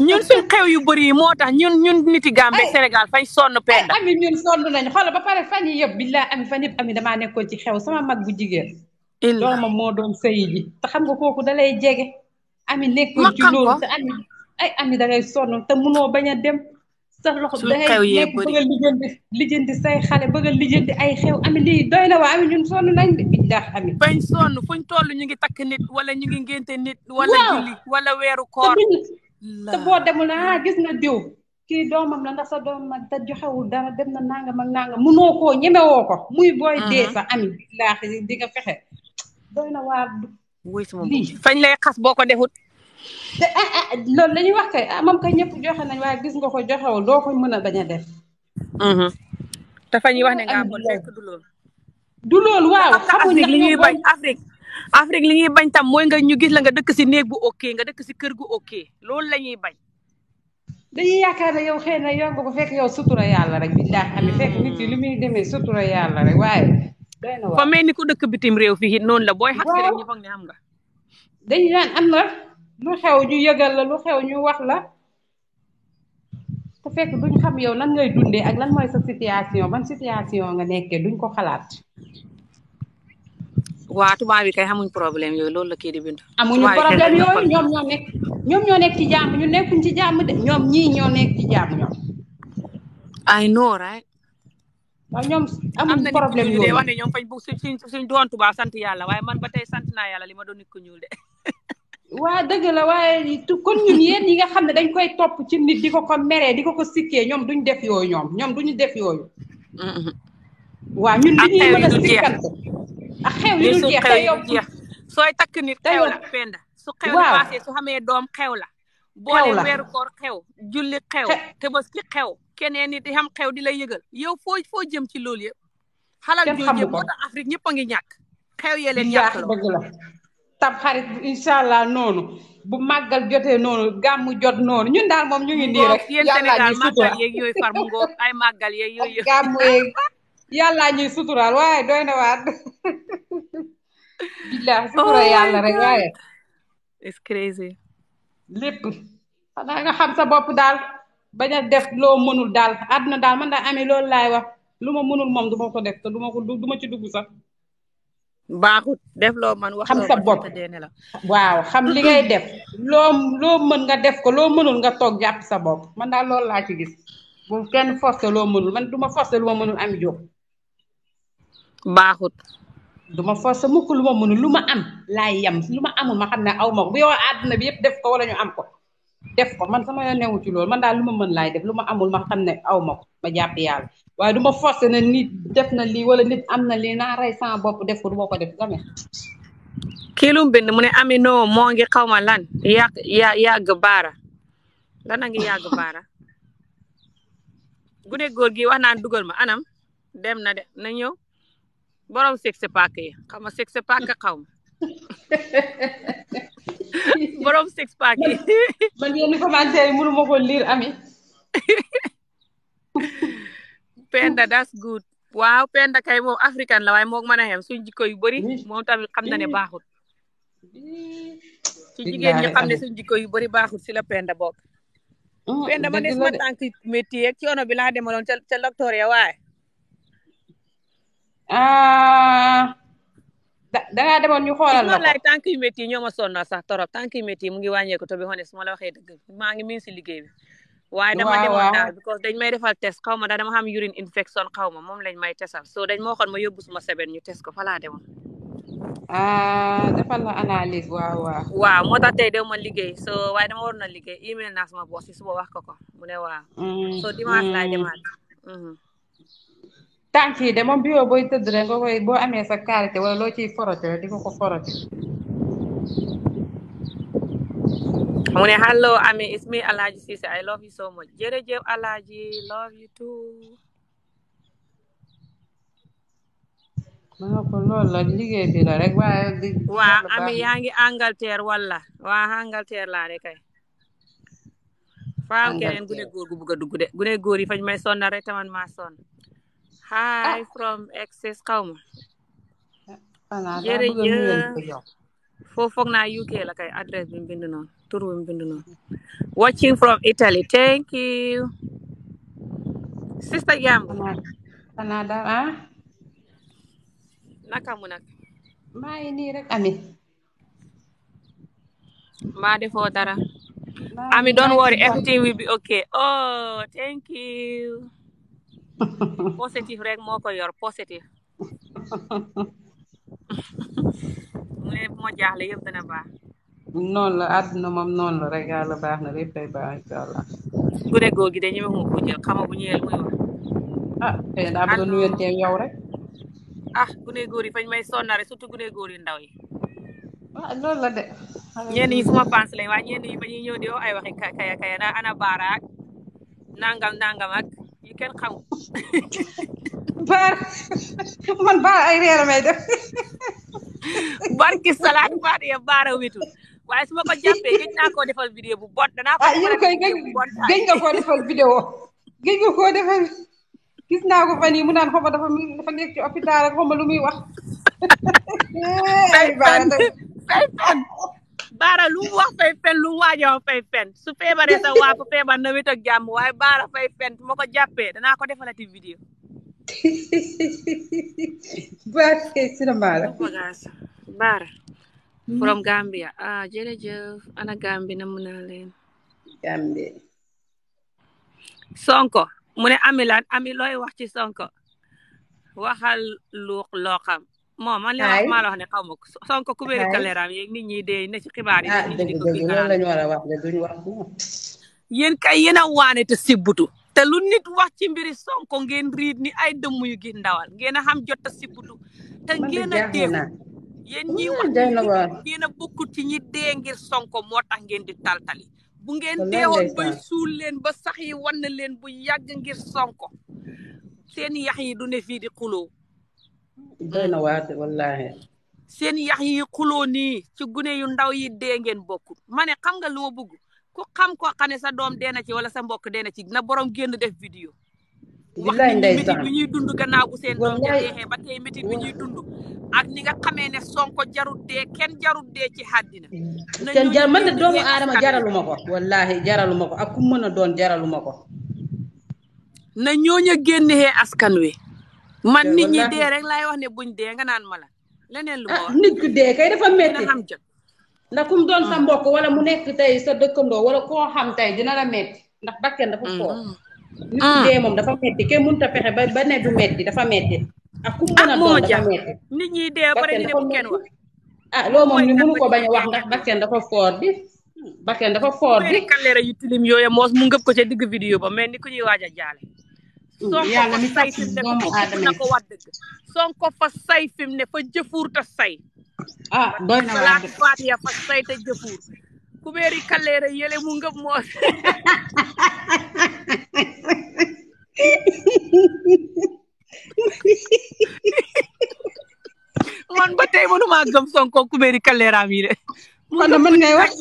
ñun suñ xew yu bëri yi moo tax ñun ñun niti Gambie Sénégal fay sonn penda. ami ñun sonn nañu xoolal ba pare fan yii yëpp billaay ami fan yëpp ami damaa nekkoon ci xew sama mag bu jigéen. illa doomam moo doom sëyi ji. te xam nga kooku dalay lay jege. ami nekkoon ci loolu te da ngay sonn te munoo bañ a dem. sa loxo day nekk bëgg a lijjanti say xale bëgg a ay xew ami lii doy na waa ami ñun sonn nañ de ndax ami bañ sonn fuñ toll ñu ngi takk nit wala ñu ngi ngénte nit wala julli wala weeru koor te boo demul ah gis na diw kii doomam la ndax sa doom ma te joxewul dara dem na nangam ak nangam munoo koo ñemewoo ko muy booy dee sa ami billaahi di nga fexe doy na waa fañ lay xas boo ko defut te ah eh, a eh, loolu la wax kay ah moom kay ñëpp joxe nañ waaye gis nga ko joxewul doo ko mën a bañ a def. Mm-hmm. te fa ñuy wax ne nga ah, bon ah, du lool du lool waaw li ñuy bañ Afrique Afrique li ñuy bañ tam mooy nga ñu gis la nga dëkk si néeg bu ok nga dëkk si kër gu ok lool lañuy ñuy bañ. dañuy yaakaar ne yow xëy na yow nga ko fekk yow sutura yàlla rek bi daa xam ne fekk nit yi li muy sutura yàlla rek waaye. doy dëkk bitim réew fii noonu la booy. waaw xas rek ñu foog xam nga. dañu naan am na. lu xew ju yëgal la lu xew ñu wax la te fekk duñ xam yow nan ngay dundee ak lan mooy sa situation ban situation nga nekkee duñ ko xalaat. waa tubaab yi kay amuñ problème yooyu loolu la kii di a amuñu problème yooyu ñoom ñoo nekk ñoom ñoo nekk ci jàmm ñu nekkuñ ci jàmm de ñoom ñii ñoo nekk ci jàmm ñoom. I know right. waaw ñoom amuñ problème yooyu am na nit ku ñuul de wax ñoom fañ bu suñ suñ doon tubaab sant yàlla waaye man ba tey sant naa yàlla li ma doon nit ku ñuul de. waa dëgg la waaye kon ñun yéen yi nga xam ne dañ koy topp ci nit di ko ko meree di ko ko sikkee ñoom duñ def yooyu ñoom ñoom duñu def yooyu mm-hmm. waaw ñun li ñuy mën a sikkante ak xew yi du jeex te yow sooy takk nit xew la penda su xew la passé su xamee doom xew la boole weeru xew julli xew tabaski xew keneen nit di xam xew di la yëgal yow foo foo jëm ci loolu yëpp xalal jooju yëpp moo tax Afrique ñëpp a ngi ñàkk xew yee leen yàq la Tamxarit incha allah noonu bu màggal jotee noonu gàmmu jot noonu ñun daal moom ñu ngi nii rek. yàlla ñuy suturaal ay màggal yeeg yooyu. gàmmu yàlla ñuy waaye dooy na waat. billaah sutura oh yàlla rek waaye. it's crazy. xam sa bopp daal bañ def loo mënul daal àdduna daal man daa amee loolu laay wax lu ma mënul moom du ma ko def te du ma ko du ma ci dugg sax. baaxut def loo man wax xam sa bopp waaw xam li ngay def loo loo mën nga def ko loo mënul nga toog jàpp sa bopp man daal loolu laa ci gis bu kenn forcé loo mënul man du ma forcé lu ma mënul am jóg baaxut du ma forcé mukk lu ma lu ma am laay yem lu ma amul ma xam ne aw ma bu yow àdduna bi yëpp def ko wala ñu am ko def ko man sama yoon newu ci loolu man daal lu ma mën laay def lu ma amul ma xam ne aw ma ko ma jàpp yàlla waaye du ma forcé ne nit def na lii wala nit am na lii naa rey sama bopp def ko du ko def jamais. kiilum bind mu ne noo moo ngi xaw ma lan yàgg yàgg baara lan a ngi yàgg baara gude góor gi wax naan dugal ma anam dem na de na ñëw borom sexe pack yi xaw ma sexe pack xaw ma borom sexe pack yi. man yéen commentaire yi mënu ma ko lire ami Penda that's good waaw Penda kay moom africain la waaye moog mën a xem suñ jikko yu bëri moom tamit xam na ne baaxul ci jigéen ñi ne suñ jikko yu bëri baaxul si la Penda bokk mm, Penda ma ne suma tànk métier ak coono bi laa demaloon ca ca docteur ya waaye ah da ngaa demoon ñu xoolal la ko wallaay tànk yu métti sax torop tànk yu mu ngi wàññeeku to bi xone su ma la waxee dëgg maa ngi miin si liggéey bi waaye dama demoon daal because dañ may defal test xaw ma daal dama xam urine infection xaw ma moom lañ may testal so dañ moo xoon ma yóbbu suma seben ñu test ko falaa laa demoon ah defal la analyse waaw waaw moo tax tey de ma liggéey so waaye dama waroon a liggéey email naa sama boss si suba wax ko ko mu ne waaw mm, so dimanche laa mm. demaat mm-hmm. tànk yi de moom bio booy tëdd rek boo amee sa karité wala loo ciy forote di ko ko forote mu ne hello Ami it's me Alhaji Cissé I love you so much jërëjëf Alhaji love you too. maa yaa ngi Angleterre wala waa Angleterre laa rek kay. faaw keneen gune góor gu bugg de gune góor yi fañ may sonn rek tamit maa sonn. hi ah. from excess xaw ma. Ah, foofu foog naa UK la kay adresse bi mu bind noonu tur watching from Italy thank you sister Jambo xanaa dara naka maa ngi rek ami maa defoo dara ami don't worry everything will be okay oh thank you positive rek moo ko yor léegi bu ma jaaxle yëpp dana baax. noonu la àdduna moom noon la rek baax na lépp baax gune góor gi de ñëwee ko xama bu ñëwee muy wax. ah tey daa a nuyantee yow ah, yi fañ may sonnare surtout gune yu ndaw yi. waaw ah, loolu la de. ñenn ñi suma pans lañ waaye ñenn ñi fa ñuy ñëw di ay waxi kaya kaya na ana baaraak nangam nangam ak. kenn xamul. baar man baar ay reer may def. barki salaat baar ya baara witul waaye su ma ko jàppee gëj naa koo defal vidéo bu bon danaa ko. Ah, defal vidéo bu bon ah gëj nga koo defal vidéo gëj nga koo defal gis naa ko fan yii mu naan xaw ma dafa hôpital ak xaw ma lu muy wax. day fen day fen baara lu mu wax fay fen lu mu waajoo fay fen su feebaree sa waa feebar na wét ak jàmm waaye baara fen su ma ko jàppee danaa ko defalati vidéo baara sina baara baara from Gambia ah ana Gambi na mun Sonko mu ne ami wax ci Sonko waxal lu loo moom man li maa la wax ne xaw ma ko Sonko ku bëri kaleeraam yeeg nit ñi dee na ci xibaar yi. ah dëgg la ñu war a wax de duñu wax yéen kay yéen waane te sibbutu te lu nit wax ci mbiri Sonko ngeen riit ni ay dëmm yu gi ndawal ngeen a xam jot a sibbutu te ngeen a dee yéen ñiy wax ngeen a bokkut ci ñi dee ngir Sonko moo tax ngeen di taltali bu ngeen deewoon bay suul leen ba sax yi wan na leen bu yàgg ngir Sonko seen yax yi du ne fii di xuloo doy na waate wallaahi. seen yax yi xuloo ci gune yu ndaw yi dee ngeen bokk ma ne xam nga lu ku xam ko xam ne sa doom dee ci wala sa mbokk dee na ci na borom génn def vidéo. billaay ndeysaan wax bi ñuy dund gannaaw bu seen doom jeexee ba tey métit bi ñuy dund. ak ni nga xamee ne sonko jarut dee kenn dee ci àddina. na jar man de doomu aadama jaraluma ko. wallaahi jaraluma ko ak ku mën a doon jaraluma ko. wi. man nit ñi dee rek laay wax ne buñ dee nga naan mala la leneen lu ma ah, wax nit ku dee kay dafa metti xam jot ndax ku mu doon sa ah. mbokk wala mu nekk tey sa dëkkandoo wala koo xam tey dina la metti ndax bakken dafa mm. foor ah. nit moom dafa metti kenn mënut a fexe ba ba ne du dafa metti ak ku mën a doon dafa metti nit ñi dee pare ñu ne bu kenn wax ah loolu moom ñu mënu ko bañ wax ndax bakken dafa foor bi bakken dafa foor bi kaleera yu tilim yooyu moos mu ngëb ko ca digg vidéo ba mais ni ku ñuy waaj a jaale yàlla mi sonko fa say ne fa jëfuur ta say. ah doy na fa say te jëfuur. kubeeri kaleere yële mu ngëb moo. ba tey mënuma gëm sonko kubeeri kaleeraam yi kon mën ngay wax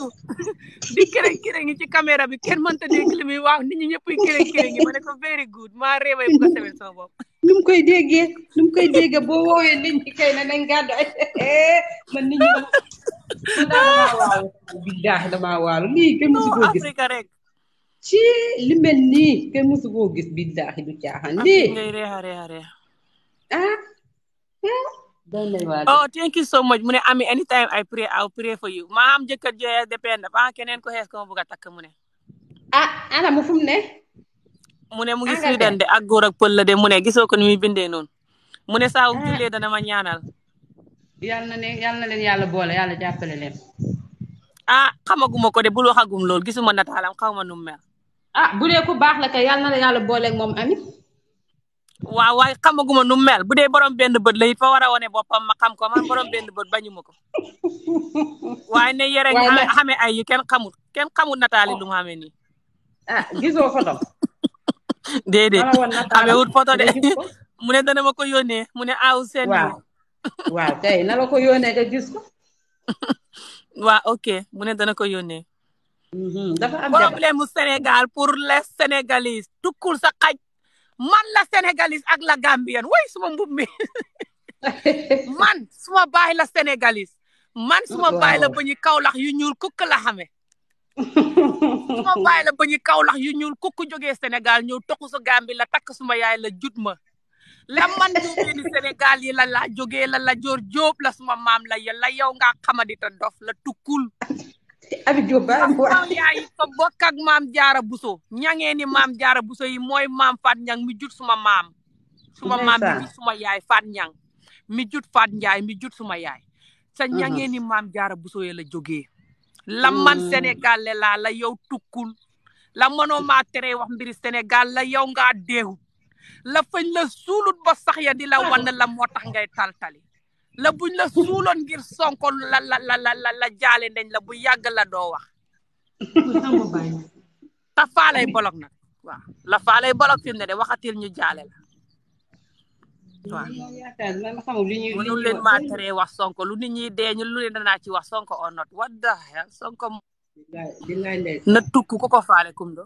di kërëng kërëng ci caméra bi kenn mënta dégg li muy waaw nit ñi ñëpp kërëng kërëng ma ne ko very good maa réewee bu ko sewee sama bopp nu mu koy déggee nu mu koy déggee boo woowee nit ñi kay na nañ gàddu ay man nit ñi damaa waaw billaahi damaa waaw lii kenn musu koo gis Afrique rek ci li mel nii kenn musu koo gis billaahi du caaxaan lii ah, ah. oh thank you so much mu ne Ami anytime I pray I'll pray for you maa am jëkkër jooy ba keneen ko xees ko ma bëgg a mu ne ah ana mu ne mu ne mu ngi Sweden de ak góor ak pël la de mu ne gisoo ko ni muy bindee noonu mu ne saa wu ah. jullee dana ma ñaanal yàlla na ne yàlla na leen yàlla boole yàlla jàppale leen ah xamaguma ko de bul waxagum lool gisuma nataalam xaw ma nu mu mel ah bu dee ku baax la kay yàlla na leen yàlla booleeg moom Ami waaw waaye xamaguma nu mel bu dee borom benn bët la it fa war a boppam ma xam ko man borom benn bët bañu ma ko. waaye ne yére nga ay yi kenn xamut kenn xamut nataali lu mu xamee nii. ah gisoo photo. déedéet xamee wut de mu ne dana ma ko yónnee mu ne aw seen. waaw gis ko. ok mu ne dana ko yónnee. Mhm, dafa am les Sénégalais tukkul sa xaj. man la sénégalais ak la gambien way suma mbub mi man suma baay la senegalis man suma baay la ba kawlax yu ñuul kukk la xame suma baay la ba kawlax yu ñuul kukk jógee senegal ñëw toxu sa gambi la takk suma yaay la jut ma la man jógeeni sénégal yi la la jógee la la joor jóob la suma maam la la yow nga xamadi ta dof la tukkul Abi Diop ba waaw yaay ko bokk maam Jaara Buso ñangee ni maam Jaara Buso yi mooy maam Faat Ñang mi jur suma maam suma maam mi suma yaay Faat Ñang mi jut Faat Njaay mi jut suma yaay sa mhm. ñangee ni maam Jaara Buso yi la jógee la man mm. Sénégal laa la yow tukkul la mënoo maa teree wax mbiri Sénégal la yow nga deewut la fañ la suulut ba sax ya di la wan la moo tax ngay taltali la buñ la suuloon ngir sonko la la la la la jaale la bu yàgg la doo wax. la faalay bolok nag waaw la faalay bolok fi mu ne ñu jaale la waaw mënul leen wax sonko lu nit ñi dee ñu lu leen danaa ci wax sonko or not sonko na tukk ko ko faale kum do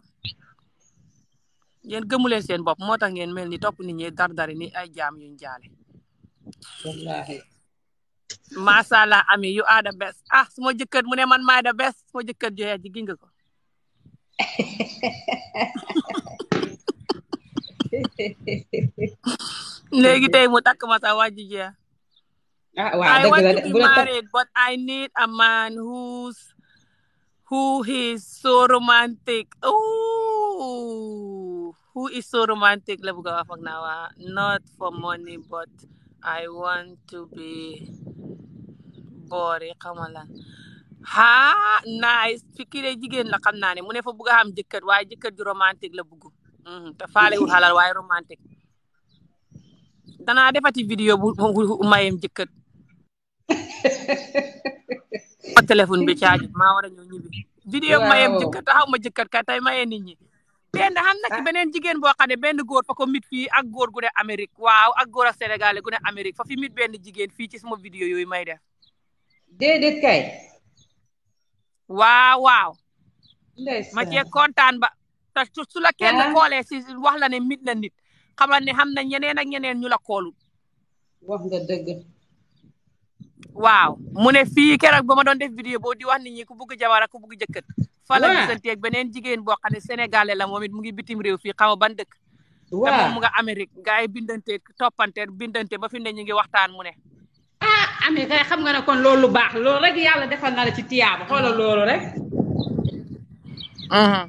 yéen gëmu leen seen bopp moo tax ngeen mel ni topp nit ñi dar ni ay jaam yuñ jaale macha allah ami you are the best ah su ma jëkkër mu ne man maay the best su ma jëkkër jooya ji gi ko. léegi tey mu takk ma sa waaj ji ah I want to be married but I need a man who's who is so romantic oh who is so romantic la bëgg a naa waa not for money but I want to be. boor yi xama lan haa nice fi kii de jigéen la xam naa ne mu ne fa bugg a am jëkkër waaye jëkkër ju romantique la bugg mhm, te faalewul xalal waaye romantique danaa defati vidéo bu mayem jëkkër ma téléphone bi caajut maa war a ñëw ñibbi vidéo mayem jëkkër ma jëkkër ka tey mayee nit ñi benn xam na ci ah. beneen jigéen boo xam ne benn góor fa ko mit fii ak góor gu ne Amérique waaw ak góor a Sénégal gu ne fo fa fi mit benn jigéen fii ci sama vidéo yooyu may def déedéet kay. waaw waaw. ma kontaan ba te su la ah? si wax la ne mit na nit xamal ne xam na ñeneen ak ñeneen ñu la koolul. wax nga dëgg. waaw mu ne fii keroog ba ma def vidéo boo di wax nit ñi ku bugg jabar ak ku bugg jëkkër. fa la gisanteeg beneen jigéen boo xam ne sénégalais la moom it mu ngi bitim réew fii xaw ma ban dëkk. waaw te moom mu nga yi bindante toppante bindante ba fi mu ñu ngi waxtaan mu ne. amee kay xam nga ne kon loolu lu baax loolu rek yàlla defal na ci tiyaaba xoolal loolu rek. Uh-huh.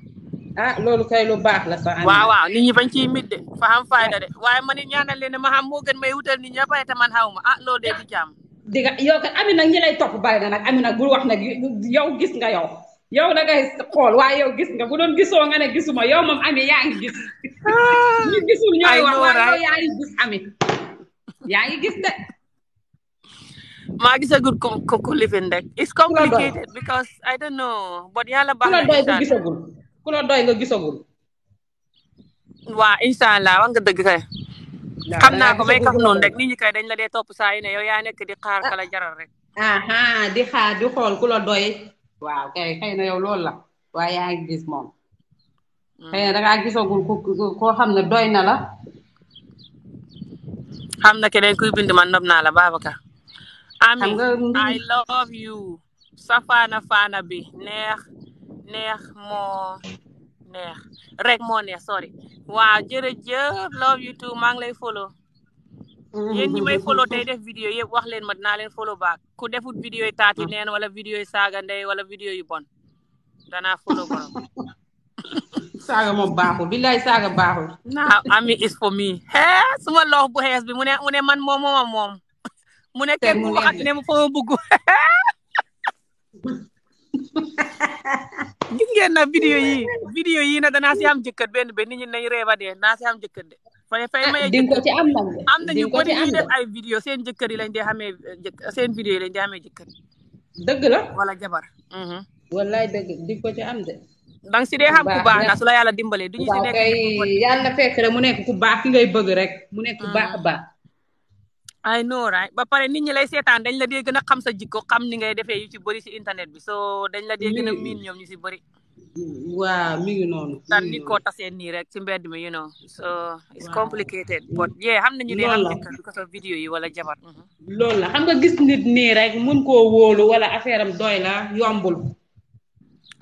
ah loolu kay lu baax la sax. waaw waaw nit ñi bañ ciy mit de fa am fayda de waaye man it ñaanal leen ne ma xam moo gën may wutal nit ñi ba pare te man xaw ma ah loolu de du jàmm. dégg nga yow kat na nag Amina wax yow gis nga yow yow waaye yow gis nga bu doon gisoo nga gisuma yow moom Ami yaa ngi gis. Ah. ñu gisul gis de. maa is a good co co living rek. it's complicated because yàlla baax ku la doy nga gisagul ku waa incha allah wax nga dëgg kay. xam naa ko may kaf noonu rek nit kay dañ la dee topp saa yi ne yow yaa nekk di xaar ah. kala jaral rek. di xaar di xool ku la doy. waaw kay xëy na yow la waaye yaa ngi gis moom. Mm. xëy na dangaa gisagul koo xam ne doy na la. xam na keneen kuy bind man nopp naa la Babacar. amin I love you sa faana faana bi neex neex moo neex rek moo neex sorry waaw jërëjëf love you too maa ngi lay follow yéen may follow tey def vidéo yëpp wax leen ma dinaa leen follow back ku defut vidéo yi taati neen wala vidéo yi saaga ndey wala vidéo yu bon danaa follow borom saaga moom baaxul billaay saaga baaxul. naa ami is for me. hee suma loox bu xees bi mu ne mu ne man moom moom. mu nekk kenn ku waxati ne mu fa ma bëgg. na vidéo yi vidéo yi na danaa si am jëkkër benn benn nit ñi nañ reeba dee naa si am jëkkër de. fay fay ah, maye di ko ci am na am na ñu bëri ñuy ay vidéo seen jëkkër yi lañ de xamee jëkkër seen vidéo yi lañ dee xamee jëkkër. dëgg la wala jabar. Mhm. wallaay dëgg di ko ci am de. danga si dee xam ku baax na su la yàlla dimbalee. du ñu si nekk yàlla fekk rek mu nekk ku baax ki ngay bëgg rek mu nekk ku mm. baax a baax. I know ba pare nit ñi lay seetaan dañ la dee gën a xam sa jikko xam ni ngay defee yu ci bëri si internet bi so dañ la dee gën a miin ñoom ñu si bëri. waaw mi ngi noonu. tan nit koo tasee nii rek ci mbedd mi you know so it's complicated but yeah xam nañu ne am jëkkër because of vidéo yi wala jabar. Mhm. loolu la xam nga gis nit nii rek mun koo woolu wala affaire am doy la yombul.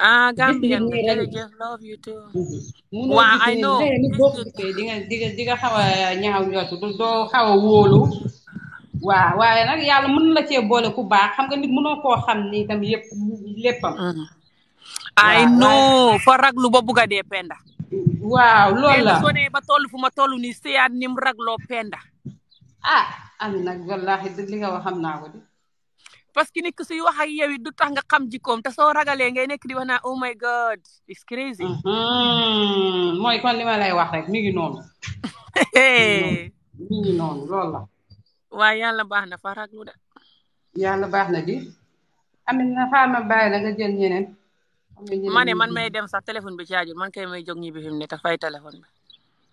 ah Gambian nga jërëjëf love mhm. di nga xaw a ñaaw njort doo xaw a wóolu. waaw waaye nag yàlla mën na la cee boole ku baax xam nga nit mu mënoo koo xam ni tam yëpp léppam. Mm. ay no fa raglu ba bugg a penda. waaw loolu la soo dee ba toll fu ma toll nii seeyaat ni mu ragloo penda. ah am nag wallaahi li nga wax xam naa ko de. parce que nit ki suy wax ak yow it du tax nga xam jikkoom te soo ragalee ngay nekk di wax naa oh my god it's crazy. Mm-hmm. mooy kon li ma lay wax rek mi ngi noonu. mi waaye yàlla baax na fa raglu de yàlla baax na di amina xaar ma bàyyi la jël ñeneen ma man may dem sax téléphone bi caajul man kay may jog ñibbi fi mu fay téléphone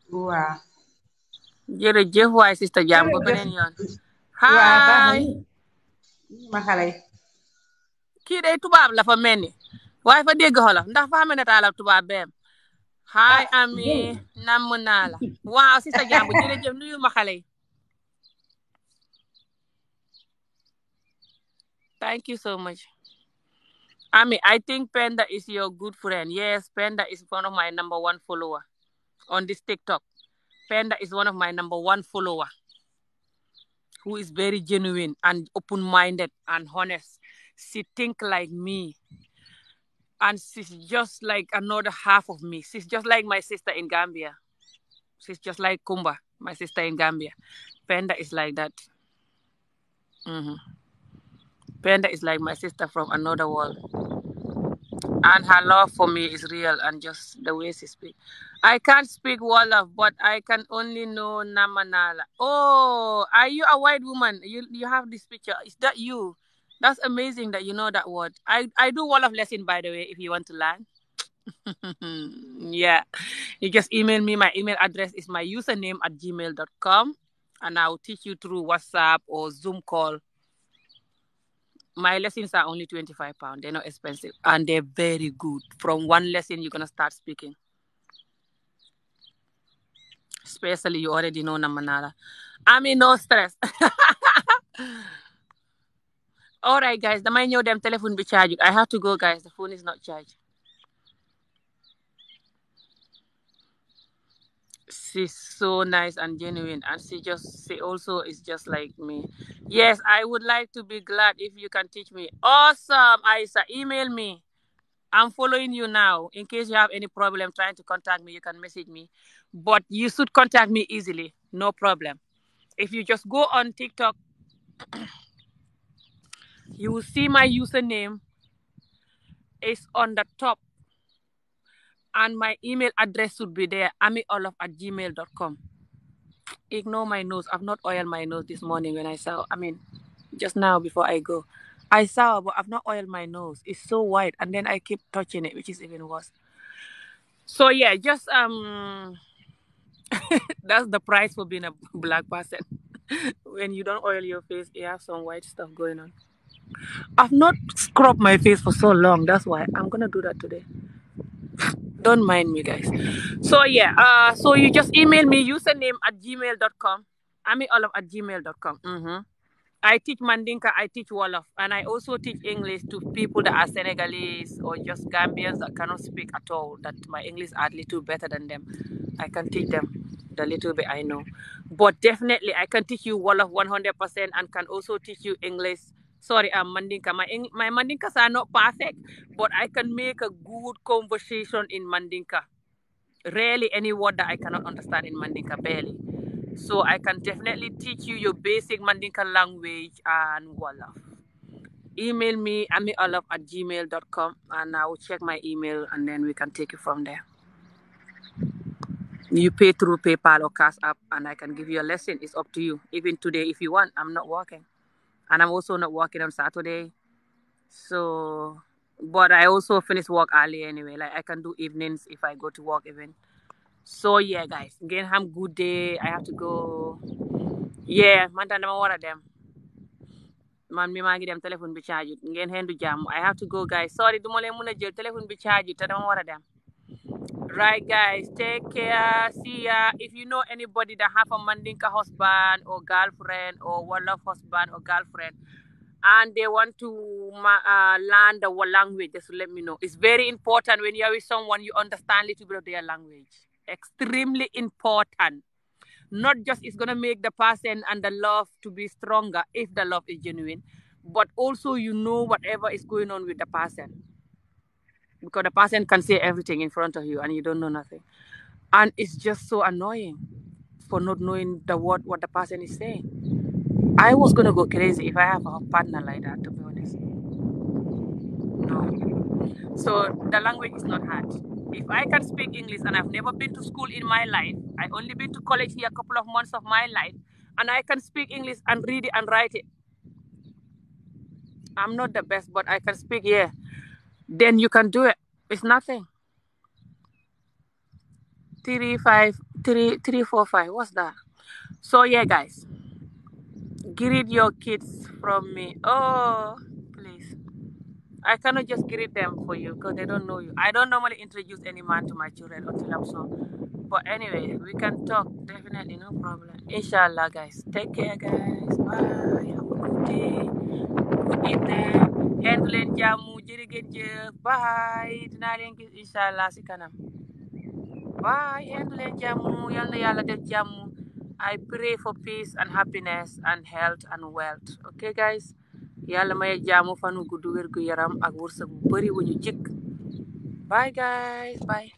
bi waaw jërëjëf waay sista jaam beneen yoon xaay ma xale kii la fa mel ni waaye fa dégg xolof ndax fa xamee ne taala tubaab beem xaay ami namm naa la waaw sista jaam bu jërëjëf nuyu ma xale Thank you so much. I mean, I think Penda is your good friend. Yes, Penda is one of my number one follower on this TikTok. Penda is one of my number one follower who is very genuine and open-minded and honest. She think like me. And she's just like another half of me. She's just like my sister in Gambia. She's just like Kumba, my sister in Gambia. Penda is like that. Mm-hmm. Penda is like my sister from another world. And her love for me is real and just the way she speaks. I can't speak Wolof, but I can only know Namanala. Oh, are you a white woman? You have this picture. Is that you? That's amazing that you know that word. I, I do Wolof lesson, by the way, if you want to learn. yeah. You just email me. My email address is my username at gmail.com. And I'll teach you through WhatsApp or Zoom call my lessons are only 25 pounds. They're not expensive and they're very good. From one lesson, you're going start speaking. Especially, you already know Namanara. I mean, no stress. All right, guys. The my new damn telephone be charged. I have to go, guys. The phone is not charged. she's so nice and genuine and she just she also is just like me yes i would like to be glad if you can teach me awesome aisa email me i'm following you now in case you have any problem trying to contact me you can message me but you should contact me easily no problem if you just go on tiktok you will see my username is on the top and my email address should be there amyolof at gmail.com ignore my nose i've not oiled my nose this morning when i saw i mean just now before i go i've not oiled my nose it's so white and then i keep touching it which is even worse so yeah just um, that's the price for being a black person when you don't oil your face you have some white stuff going on i've not scrubbed my face for so long that's why i'm gonna do that today don't mind me guys so yeah uh, so you just email me username at gmail.com amiolof at gmail.com mm-hmm. I teach Mandinka, I teach Wolof, and I also teach English to people that are Senegalese or Gambians that cannot speak at all, that my English are a little better than them. I can teach them the little bit I know. But definitely, I can teach you Wolof 100% and can also teach you English sorry, I'm uh, Mandinka. My, my are not perfect, but I can make a good conversation in Mandinka. Rarely any word that I cannot understand in Mandinka, barely. So I can definitely teach you your basic Mandinka language and Wolof. Email me, amiolaf at gmail.com, and I will check my email, and then we can take it from there. You pay through PayPal or Cash App, and I can give you a lesson. It's up to you. Even today, if you want, I'm not working. and I'm also not working on Saturday. So, but I also finish work early anyway. Like I can do evenings if I go to work even. So yeah, guys, again, have a good day. I have to go. Yeah, man, I'm one of them. man mi maa ngi dem téléphone bi charge ngeen xendu jàmm I have to go guys sorry du ma leen mën a jël téléphone bi charge te dama war a dem Right, guys. Take care. See ya. If you know anybody that have a Mandinka husband or girlfriend or Wolof husband or girlfriend, and they want to uh, learn the language, just let me know. It's very important when you're with someone, you understand a little bit of their language. Extremely important. Not just it's going to make the person and the love to be stronger if the love is genuine, but also you know whatever is going on with the person because the person can say everything in front of you and you don't know nothing. And it's just so annoying for not knowing the word what the person is saying. I was gonna go crazy if I have a partner like that, to be honest. No. So the language is not hard. If I can speak English and I've never been to school in my life, I only been to college here a couple of months of my life, and I can speak English and read it and write it. I'm not the best, but I can speak, yeah. then you can do it. It's nothing. Three five three three four five. What's that? So yeah, guys, greet your kids from me. Oh, please, I cannot greet them for you because they don't know you. I don't normally introduce any man to my children until I'm so. But anyway, we can talk definitely, no problem. Inshallah, guys. Take care, guys. Bye. Have good day. Good evening. kenn du leen jàmm jërëgeen jëf baay dinaa leen gis incha si kanam baay kenn du leen jàmm yàlla def jàmm I pray for peace and happiness and health and wealth okay guys yàlla may jàmm fanu gudd wér gu yaram ak wërsëg bu bëri wu ñu